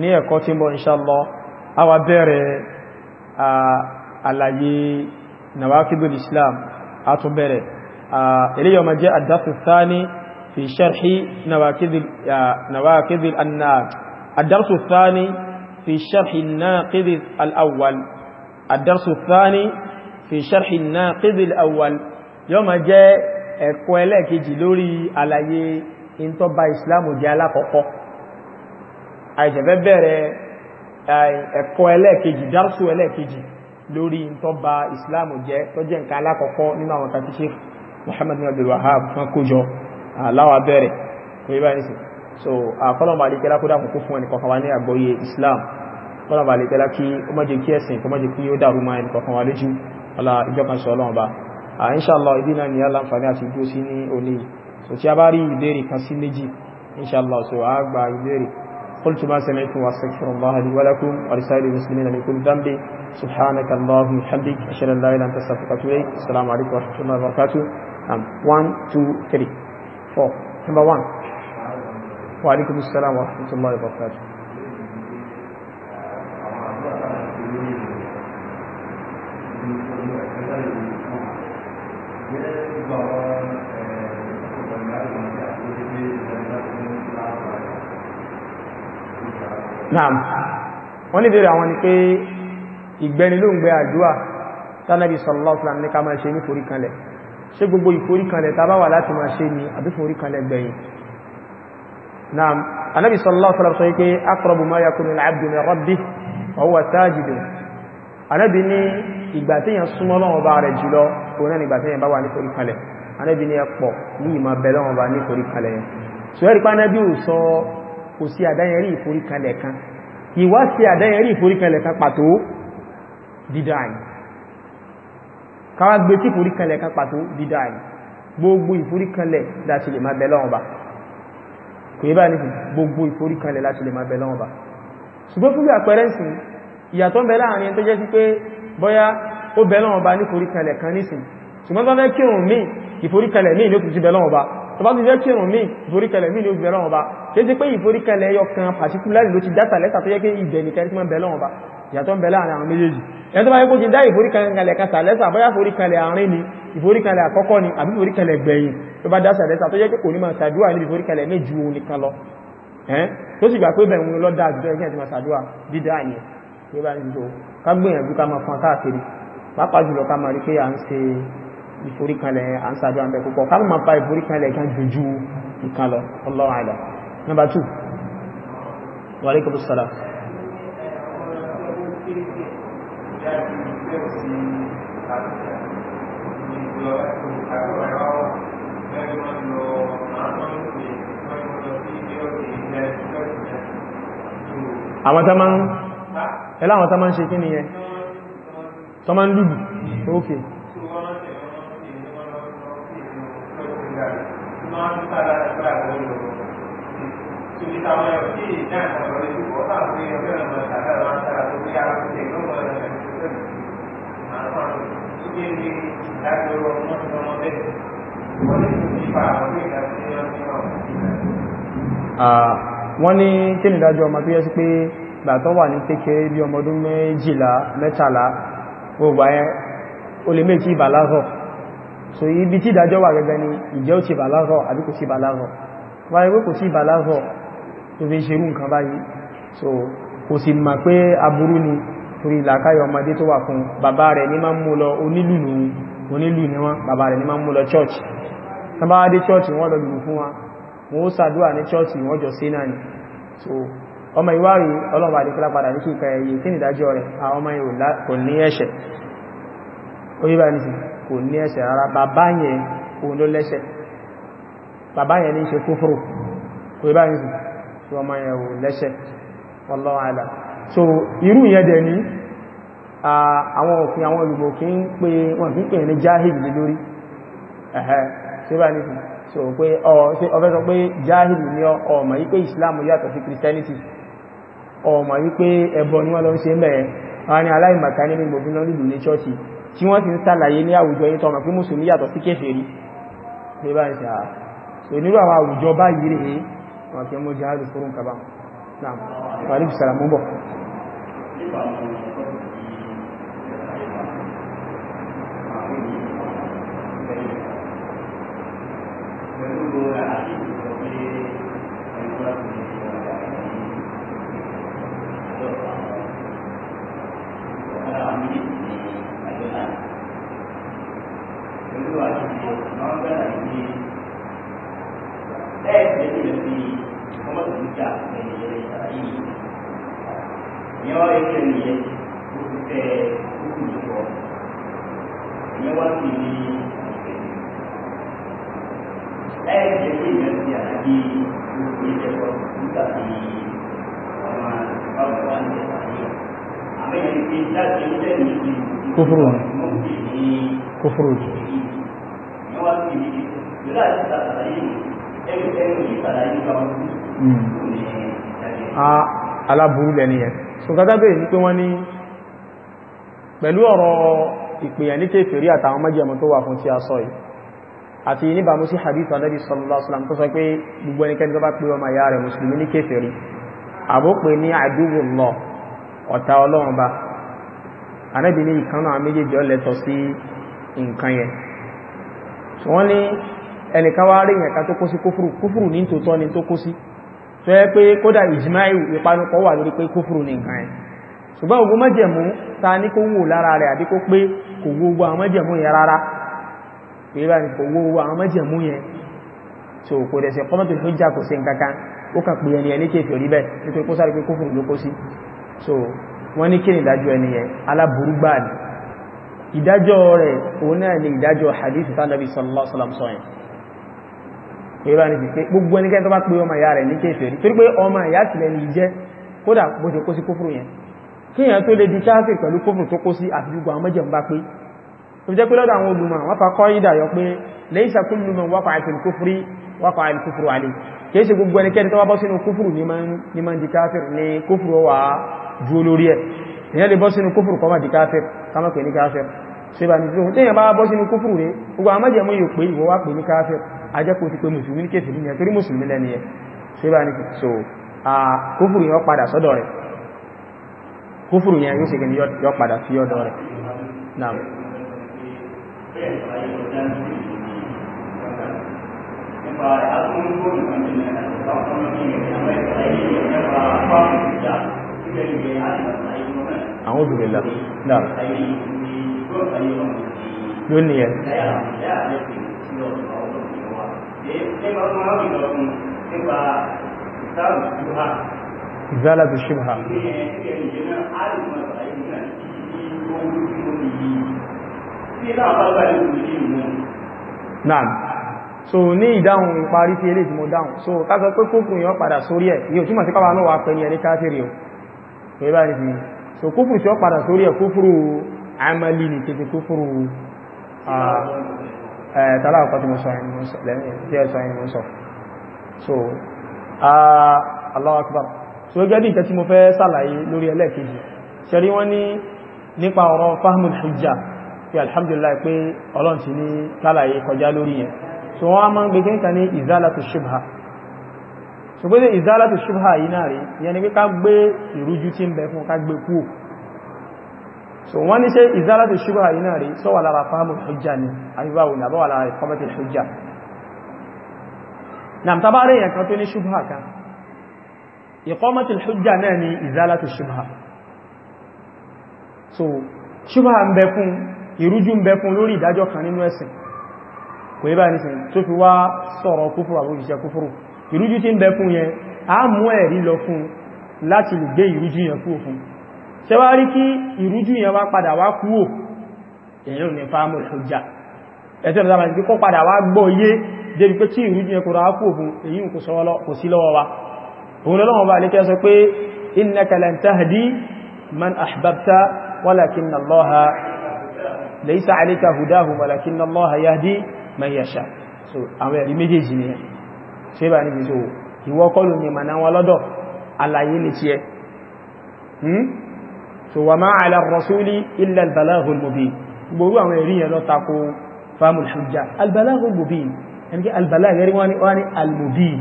ní ẹ̀kọ́ tí ń bọ̀ inṣàlọ́ a wá bẹ̀rẹ̀ àlàyé nawakidul islam a tún bẹ̀rẹ̀ eléyọ̀ الدرس الثاني في شرح الناقض الأول يوم جاء كوالك جلوري على انتو با إسلام جالا قوقو أي جبابير ẹ̀kọ́ ẹlẹ́ẹ̀kejì dárùsù ẹlẹ́ẹ̀kejì lórí tó ba ìsìláàmù jẹ́ tó jẹ́ nǹkan alákọ̀ọ́kọ́ nínú àwọn tàbí Sheikh Muhammad bin Abdul Wahhab fún kójọ aláwà bẹ̀rẹ̀ kò so àkọlọ̀mà àdíkẹ́lá kó dákùnkú fún ẹnìkọ̀ọ̀kan ní àgbọ́yé Islam kọ́lá bá lè tẹ́lá kí ó mọ́jẹ kí ẹ̀sìn kó mọ́jẹ kí ó dàrú máa ẹnìkọ̀kan wà lójú ọlá ìjọkan sọ ọlọ́run bá à inṣàlá ìdí náà ni aláǹfààní àti ìdúró sí ní òní so tí a bá rí ìbéèrè kan sí الله لي ولكم المسلمين من كل ذنب سبحانك اللهم وبحمدك اشهد ان لا اله الا انت استغفرك واتوب اليك السلام عليكم ورحمه الله وبركاته one two three four number one وعليكم السلام ورحمه الله وبركاته naam wọ́n lè bèèrè àwọn ni pé ìgbẹ́ni ló ń gbé àdúwà tánàbí sallallahu alaihi wasallam ní ká máa ṣe ní forí kanlẹ̀ ṣe gbogbo ìforí kanlẹ̀ tàbá wà láti máa ṣe ní àbí forí kanlẹ̀ gbẹ̀yìn naam anábi sallallahu alaihi wasallam sọ pé aqrabu ma yakunu al-abdu min rabbihi wa huwa sajid anábi ní ìgbà tí yẹn ò sọ kò sí àdáyẹrí ìforíkanlẹ̀ kan ìwá sí àdáyẹrí ìforíkanlẹ̀ kan pàtó dídáyì káwà gbé tí ìforíkanlẹ̀ kan pàtó dídáyì gbogbo ìforíkanlẹ̀ láti lè máa bẹ lọ́wọ́ bá kò yẹ bá ní gbogbo ìforíkanlẹ̀ láti lè máa bẹ lọ́wọ́ bá ṣùgbọ́n fún bí àpẹẹrẹ sí ìyàtọ̀ ń bẹ láàrin ẹni tó tọba ti jẹ́ kírùn mí ìforíkẹlẹ̀ mí ní obìnrin ọba kìí ṣe pé ìforíkẹlẹ̀ ẹyọ kan pàtíkúlárì ló ti dátà lẹ́tà tó yẹ kí ìbẹ̀ nìkan tí wọ́n bẹ̀ lọ́wọ́ ọba ìyàtọ̀ ń bẹ láàrin àwọn méjèèjì ẹni tó bá yẹ kó ti dá ìforíkẹlẹ̀ kan sàlẹ́sà bóyá ìforíkẹlẹ̀ àárín ni ìforíkẹlẹ̀ àkọ́kọ́ ni àbí ìforíkẹlẹ̀ gbẹ̀yìn tó bá dá sàlẹ́sà tó yẹ kí kò ní máa ṣàdúrà ní ìforíkẹlẹ̀ méjì òun nìkan lọ tó sì gbà pé bẹ̀rẹ̀ òun lọ́dà àjùjọ ẹgbẹ́ àti máa ṣàdúrà dídá yẹn tó bá ń jò ká gbìyànjú ká máa fọn káàkiri pàápàá jùlọ ká máa rí pé à ń ṣe ìforíkalẹ̀ àǹsàdọ́ àmì púpọ̀ ká máa fa ìforíkalẹ̀ kan jùjú nǹkan lọ Allahu number two wa alaikum assalam àwọn tó máa ń ṣe kí ni yẹn tó máa ń lùlù ókè okay. máa ń sára ẹgbẹ́ àwọn olùkọ́. Ibi táwọn ẹ̀rọ tí ìjà ìkọ̀ọ̀rọ̀ lè ti wọ́n náà pé ọjọ́ ìmọ̀ ìṣàkà máa ń ní ìdájọ́ ọmọ ọmọ tó yẹ sí pé gbàtọ́ wà ní kékeré bí ọmọ méjìlá mẹ́tàlá gbogbo ayẹ́ o lè méjì ìbàlázọ̀ so ibi tí ìdájọ́ wà gẹ́gẹ́ ni ìjẹ́ ó ti bàlárọ̀ àbí kò sí bàlárọ̀ wáyé pé kò sí bàlárọ̀ tó fi nǹkan so kò si ma pé aburú ni torí ìlàkáyọ̀ ọmọdé tó wà fún bàbá rẹ̀ ní máa ń mú lọ onílù onílù ni wọ́n bàbá rẹ̀ ní máa ń mú lọ church wọ́n lọ fún wa wọ́n sàdúwà ní church wọ́n jọ sí náà so ọmọ ìwárí ọlọ́mọ padà ní kíkà ẹ̀yẹ kí rẹ̀ àwọn ọmọ ìwò kò ní ẹ̀ṣẹ̀ orí bá ní sí kò ní ẹsẹ̀ rárá bàbá yẹn òun ló lẹ́ṣẹ̀ bàbá yẹn ní ṣe kúfúrù kò ibá ní sí ọmọ yẹn ò lẹ́ṣẹ̀ wallahu so irú yẹn dẹ̀ ní àwọn òfin àwọn olùgbò kí ń pè wọn kí pè ní jahil lórí ẹ̀hẹ́ tí ó bá ní sọ pé ní ọmọ yí pé Islam pé ni wọ́n lọ ń ṣe mẹ́ẹ̀ wọn ni aláìmọ̀ká ní ní tí wọ́n ti ń sàlàyé ní àwùjọ yìí tọ́mà pé mùsùlùmí yàtọ̀ sí kèfèrí pé bá ń ṣe àà ah, so nírò àwọn àwùjọ bá yìí rèé wọ́n kí mú jihadu fúrún kaba Thank you. kúfúrú jù. Hmm. Ah, aláburú lẹ́ni ẹ̀ ṣùgbọ́n ní pé wọ́n ní pẹ̀lú ọ̀rọ̀ ìpìyàn ní kéfèrí àtàwọn májẹ̀mú tó wà fún tí a sọ yìí àti níbàmú sí hadith Ànábì sallallahu alaihi wasallam tó sọ pé gbogbo ẹnikẹ́ni tó bá pé ọmọ ìyá rẹ̀ mùsùlùmí ní kéfèrí àbópè ní àdúgbò lọ ọ̀tá ọlọ́run bá Ànábì ní ìkan náà méjèèjì ọlẹ́tọ̀ sí nǹkan yẹn so wọ́n ní ẹnìkan wá rí ìyẹ̀ká tó kó sí kúfùrù kúfùrù ní tòótọ́ ni tó kó sí tó yẹ pé kódà ìjìmáì ìpanupọ̀ wà lórí pé kúfùrù ní nǹkan yẹn ṣùgbọ́n ogun mọ́jẹ̀mú ta ní kó wò lára rẹ̀ àbí kó pé kò wó gbogbo àwọn mọ́jẹ̀mú yẹn rárá pé bá ní kò wó gbogbo àwọn mọ́jẹ̀mú yẹn so kò dẹ̀ sí kọ́mọ́tò tó jà kò sí nǹkankan ó kà pé ẹni ẹni kéfì orí bẹ́ẹ̀ nítorí wọ́n ní kí ni ìdájọ́ ẹni yẹn aláburú ni ìdájọ́ rẹ̀ òun náà ni ìdájọ́ hadith tánàbí sallallahu alaihi wasallam sọ́yìn ìrọ̀ ní pé gbogbo ẹnikẹ́ni tó bá pé ọmọ ìyá rẹ̀ ní kéfèrí torí pé ọmọ ìyá tìlẹ̀ ní jẹ́ kódà bó ṣe kó sí kófùrù yẹn kí èèyàn tó lè di káàfì pẹ̀lú kófùrù tó kó sí àfijúgbà ọmọ jẹun bá pé tó jẹ́ pé lọ́dọ̀ àwọn olùmọ̀ wọ́n fa kọ́ ìdà yọ pé laysa kullu man waqa'a fil kufri waqa'a al kufru alayhi kìí ṣe gbogbo ẹnikẹ́ni tó bá bọ́ sínú kófùrù ní máa ń ní kófùrù wà ju olórí ẹ̀ èèyàn lè bọ́ sínú kófùrù kọ́ máa di ní káàfì ṣe bá ní tí ó tẹ́yàn bá bọ́ sínú kúfùrù ní gbogbo àmájẹ̀mú yóò pé ìwọ wá pè ní káfẹ́ ajẹ́kù ti pé mùsùlùmí kéfì níyàn torí mùsùlùmí lẹ́ni ẹ ṣe bá ní so àwọn obìnrin lọ náà yóò nìyẹn ìzálà tó ṣe so ní ìdáhùn parí tí eléjì mo dáhùn so káàkọ́ pé kókùn yọ padà sórí ẹ̀ yóò túnmọ̀ sí káwàá náà wà pẹ̀lú ẹni káàkiri so kókùn tí ó padà sórí ẹ̀ kókùrù amali ni kìí kúfúrú tàlàkọ́ tí mo sọ ẹni sọ so Allahu Akbar so gẹ́gẹ́ bí nǹkan tí mo fẹ́ sàlàyé lórí ẹlẹ́ẹ̀kejì ṣẹ̀rí wọ́n ní nípa ọ̀rọ̀ fahmul hujja pé alhamdulillah pé ọlọ́n ti ní sàlàyé kọjá lórí yẹn so wọ́n máa ń gbé kẹ́kẹ́ ní izalatu shubha so gbé izalatu shubha yìí náà rí yẹn pé ká gbé ìrújú tí ń bẹ fún ká gbé kúò so wọ́n ní ṣe ìzálàtù ṣubha yìí náà rí sọ́wà lára fáàmù hujja ni àyíbáwò ní àbọ́wà lára ìkọ́mẹ́tì hujja na tàbárí èyàn kan tó ní ṣubha kan ìkọ́mẹ́tì hujja náà ni ìzálàtù ṣubha so ṣubha ń bẹ ìrújú ń lórí ìdájọ́ kan nínú ẹ̀sìn kò yí ṣe wá rí kí ìrújú yẹn wá padà wá kúrò èyàn ní fáàmù ìhùjá ẹ̀tẹ́ ìrọ̀lá àti kó padà wá gbọ́ yé débi pé tí ìrújú yẹn kò rá kúrò fún èyí kò sí lọ́wọ́ wa òun lọ́wọ́ bá alékẹ́ sọ pé innaka lan tahdi man ahbabta walakinna Allaha laysa alayka hudahum walakinna Allaha yahdi àlàyé ni ti ẹ hmm? so wa ma ala rasuli illa albalaghu almubin gbogbo àwọn ẹ̀rí yẹn lọ tako famul hujja albalaghu almubin ẹni kí albalaghu ẹ̀rí wọ́n ní almubin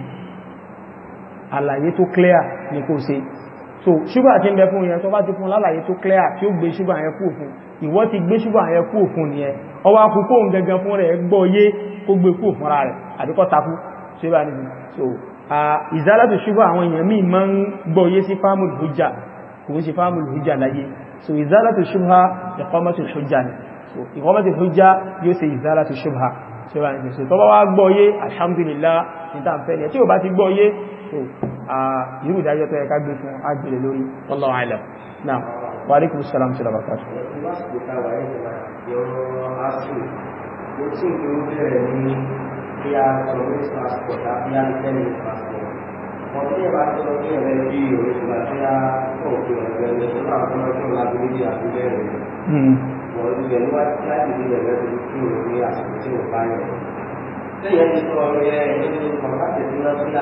àlàyé tó clear ní kó ṣe so ṣúgbà tí ń bẹ fún yẹn tó bá ti fún lálàyé tó clear tí ó gbé ṣúgbà yẹn kú òfin ìwọ ti gbé ṣúgbà yẹn kú òfin nìyẹn ọwá kú kóhùn gẹ́gẹ́ fún rẹ̀ gbọ́ yé kó gbé kú òfin rẹ̀ àdíkọ́ takú ṣúgbà nìyẹn so ìzálàtò ṣúgbà àwọn èèyàn míì máa ń gbọ́ yé sí famul kìí ṣe fáàmù ìhújà láyé so ìzálàtù ṣubha ìkọmọ́tù ṣujá ni so ìkọmọ́tù ṣujá yóò ṣe ìzálàtù ṣubha so bá ní ṣe tọ́bá wá gbọ́yé alhamdulillah ní tàbí ẹ̀ tí ó bá ti gbọ́yé so irú ìdájọ́ tó yẹ ká gbé passport. 我这边这个这个人机有什么？大家后续的人手上他们就拿东西啊，这些人。嗯。我原来家里的人就有东西啊，就有翻译。这也是说，也就是从他这边出来，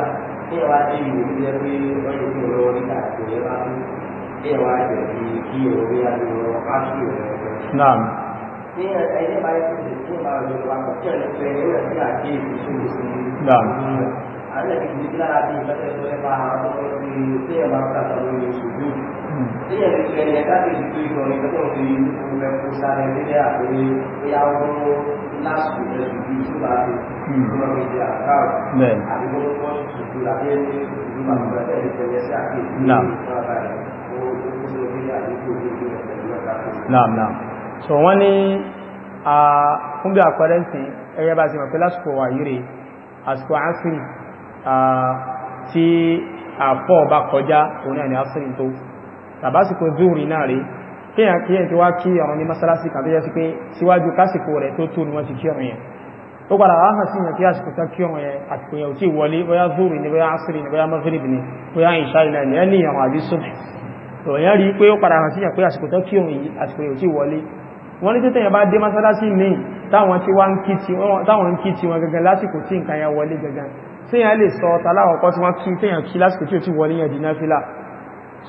这话是有一些会关于这个理解，这话这话就是具有这样就是阿虚的。那。因为哎，那把就是起码就是话，这人对人家家里是属于。那。àbí ẹ̀kí ti fi lára bí ìfẹsẹ̀ tó lẹ́pa àwọn tó ń fi téèyàn máa ń ta sọ̀rọ̀ ìlú ṣùgbọ́n téèyàn ti fi ẹ̀yẹ káàkiri tó ìtọ̀ ní tó ń fi ìfúnfẹ́ kó sáré nílé àpèrè bóyá ó ń lásìkò rẹ̀ ṣùgbọ́n tó bá ti tó lọ́ fi di àkáàrọ̀ àbí tó ń kọ́ ṣùgbọ́n láti ẹni ìlú màtúrà tẹ́lẹ̀ tẹ́lẹ̀ sí àkíyèsí so wọ́n ní fún bí àpẹẹrẹ ń ẹyẹ bá ti mọ̀ pé lásìkò wà yìí rè àsìkò àásìrì tí àfọ́ bá kọjá òun ẹni asìrì tó tàbásìkò zúrì náà rí kíyàn kíyàn tí wá kí àwọn ní masalasi kan tó jẹ́ sí pé síwájú kásìkò rẹ̀ tó tó ní wọ́n ti kí ọ̀rùn yẹn ó padà wá hàn sí ìyànkí àsìkò tó kí ọ̀rùn yẹn àsìkò yẹn ò tí wọlé bóyá zúrì ni bóyá asìrì ni bóyá maghrib ni bóyá ìṣá ìlà ni ẹni àwọn àbí sọ́bì òyìn rí pé ó padà hàn sí ìyànkí àsìkò tó kí ọ̀rùn yìí àsìkò yẹn ò tí wọlé wọ́n ní tẹ́tẹ̀yàn bá dé masalasi míì táwọn ń kí tiwọn gẹ́gẹ́ lásìkò tí nǹkan yẹn wọlé gẹ́gẹ́ tíyàn lè sọ tàláwọ̀kọ́ tí wọ́n kí tíyàn kí lásìkò tí ó ti wọlé yàn dínà fílà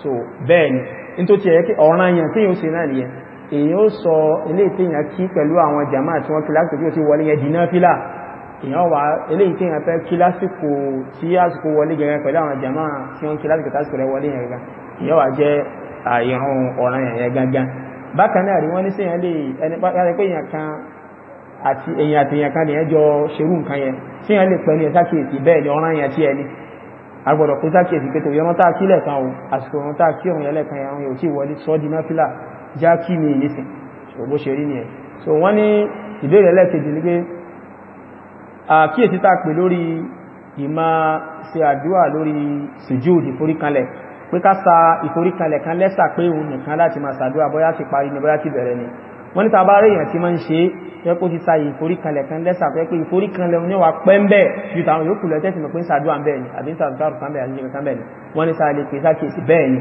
so bẹ́ẹ̀ni in tó ti ẹ̀ẹ́kẹ́ ọ̀ràn yàn tíyàn ṣe náà nìyẹn èyàn ó sọ ilé tíyàn kí pẹ̀lú àwọn jàmá tí wọ́n kí lásìkò tí ó ti wọlé yàn dínà fílà èyàn wà ilé tíyàn fẹ́ kí lásìkò tí àsìkò wọlé gẹ̀rẹ́ pẹ̀lú àwọn jàmá tí wọ́n kí lásìkò tásìkò rẹ̀ wọlé yàn gẹ̀gẹ́ èyàn wà jẹ́ àti èyàn àti èyàn kan yẹn jọ ṣerú nǹkan yẹn tí yẹn lè pẹ̀lú ẹ̀ sákìyèsí bẹ́ẹ̀ ni ọ̀ràn yẹn tí ẹni agbọ́dọ̀ pé sákìyèsí pé tó yọrán tá a kí lẹ̀kan o àsìkò ọ̀rán tá a kí ọ̀run ẹlẹ́kan yẹn yóò tí wọlé sọ́ di náfìlà já kí ni ìnísìn so bó ṣe rí nìyẹn so wọ́n ní ìbéèrè ẹlẹ́kejì ni pé àkíyèsí tá a pè lórí ìmọ̀ ṣe àdúrà lórí sùjúd ìforíkanlẹ̀ pé ká sa ìforíkanlẹ̀ kan lẹ́sà pé òun nìkan láti máa ṣàdúrà bóyá ti parí ni bóyá ti bẹ̀rẹ̀ ni wọ́n ní tàbá rẹ̀ èèyàn tí máa ń ṣe é pé ó ti sáyé ìforíkanlẹ̀ kan lẹ́sà pé pé ìforíkanlẹ̀ ní wà pẹ́ ń bẹ̀ ju tàwọn yòókù lọ tẹ́sí mọ̀ pé ń sàdúrà ń bẹ́ẹ̀ ni àbí ń sàdúrà kan bẹ́ẹ̀ ni kan bẹ́ẹ̀ ni wọ́n ní sáà lè pè sákèsí bẹ́ẹ̀ ni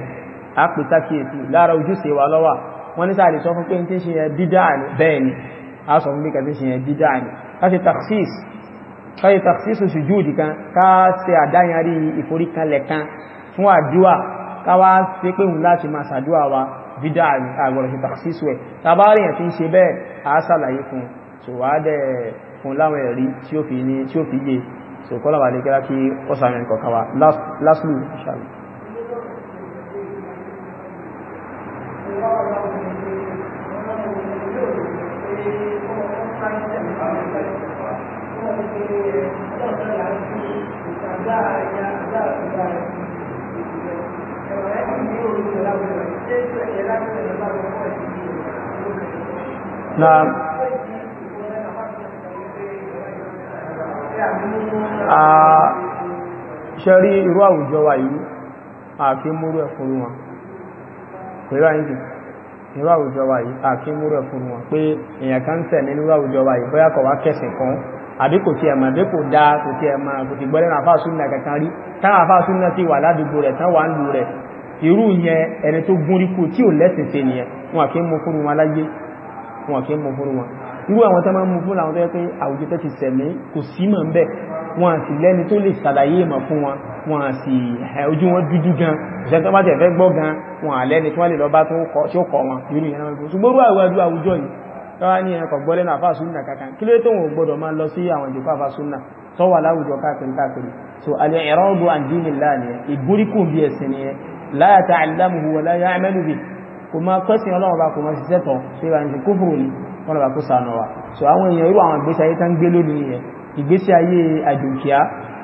a pè sákèsí lára ojúṣe wa lọ́wà wọ́n ní sáà lè wa bídá àgbọ̀rọ̀ ṣe tàṣíṣù ẹ̀ tàbárí ẹ̀ fi ń ṣe bẹ́ẹ̀ a sàlàyé fún so wà dẹ̀ fún láwọn ẹ̀rí tí ó fi ní tí ó fi yé so kọ́lọ̀wà lè kẹ́lá kí ó sàmì kọ̀kọ̀wà lásìlú ìṣàlù Thank you. Naam. Ah, ṣẹ́rí irú àwùjọ wa yìí, àkí múrú ẹ̀fún wọn. Pẹ̀lú àyíkì, irú àwùjọ wa yìí, àkí múrú ẹ̀fún wọn pé èèyàn kan tẹ̀ ní irú àwùjọ wa yìí, bóyá kọ̀ wá kẹsìn kan, àbí kò ti ẹ̀mà, àbí kò dáa, kò ti ẹ̀mà, kò ti gbọ́lẹ́ irú yẹn ẹni tó gún tí ò lẹ́sìn sí ni wọn kí ń mú fún wọn láyé wọn kí ń mú fún wọn irú àwọn tẹ́ máa ń mú fún àwọn tó yẹ pé àwùjọ tẹ́ ti sẹ̀mí kò sí mọ̀ ń bẹ̀ wọn sì lẹ́ni tó lè ṣàlàyé mọ̀ fún wọn wọn sì ojú wọn dúdú gan ìṣẹ́ tó bá tẹ̀ fẹ́ gbọ́ gan wọn àlẹ́ni tó wà lè lọ so alẹ́ ẹ̀rọ́gbọ́ àdínilá ni ìgbóríkù bí ẹ̀sìn ni la yata'allamuhu wa la ya'malu bihi kò máa kọ́sìn ọlọ́run bá kò máa ṣiṣẹ́ tán ṣe bá ń ṣe kófòrò ní wọ́n lọ́ba kó sànù wa so àwọn èèyàn irú àwọn ìgbésí ayé tán gbé lónìí yẹn ìgbésí ayé àjòkíá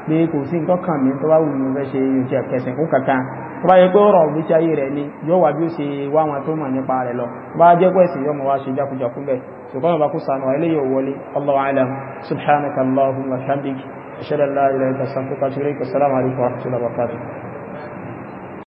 pé kò sí nǹkan kan mi tó bá wù mí fẹ́ ṣe oúnjẹ kẹsìn kó kankan tó bá yẹ pé ọ̀rọ̀ ìgbésí ayé rẹ̀ ni yóò wá bí ó ṣe wá wọn tó mọ̀ nípa rẹ̀ lọ bá jẹ́ pé ẹ̀sìn yọmọ wá ṣe jákujàku bẹ̀ ṣùgbọ́n ọba kó sànù wa eléyìí wọlé Allahu a'lam wa bihamdik wa atubu ilaik assalamu alaikum wa rahmatullahi wa barakatuh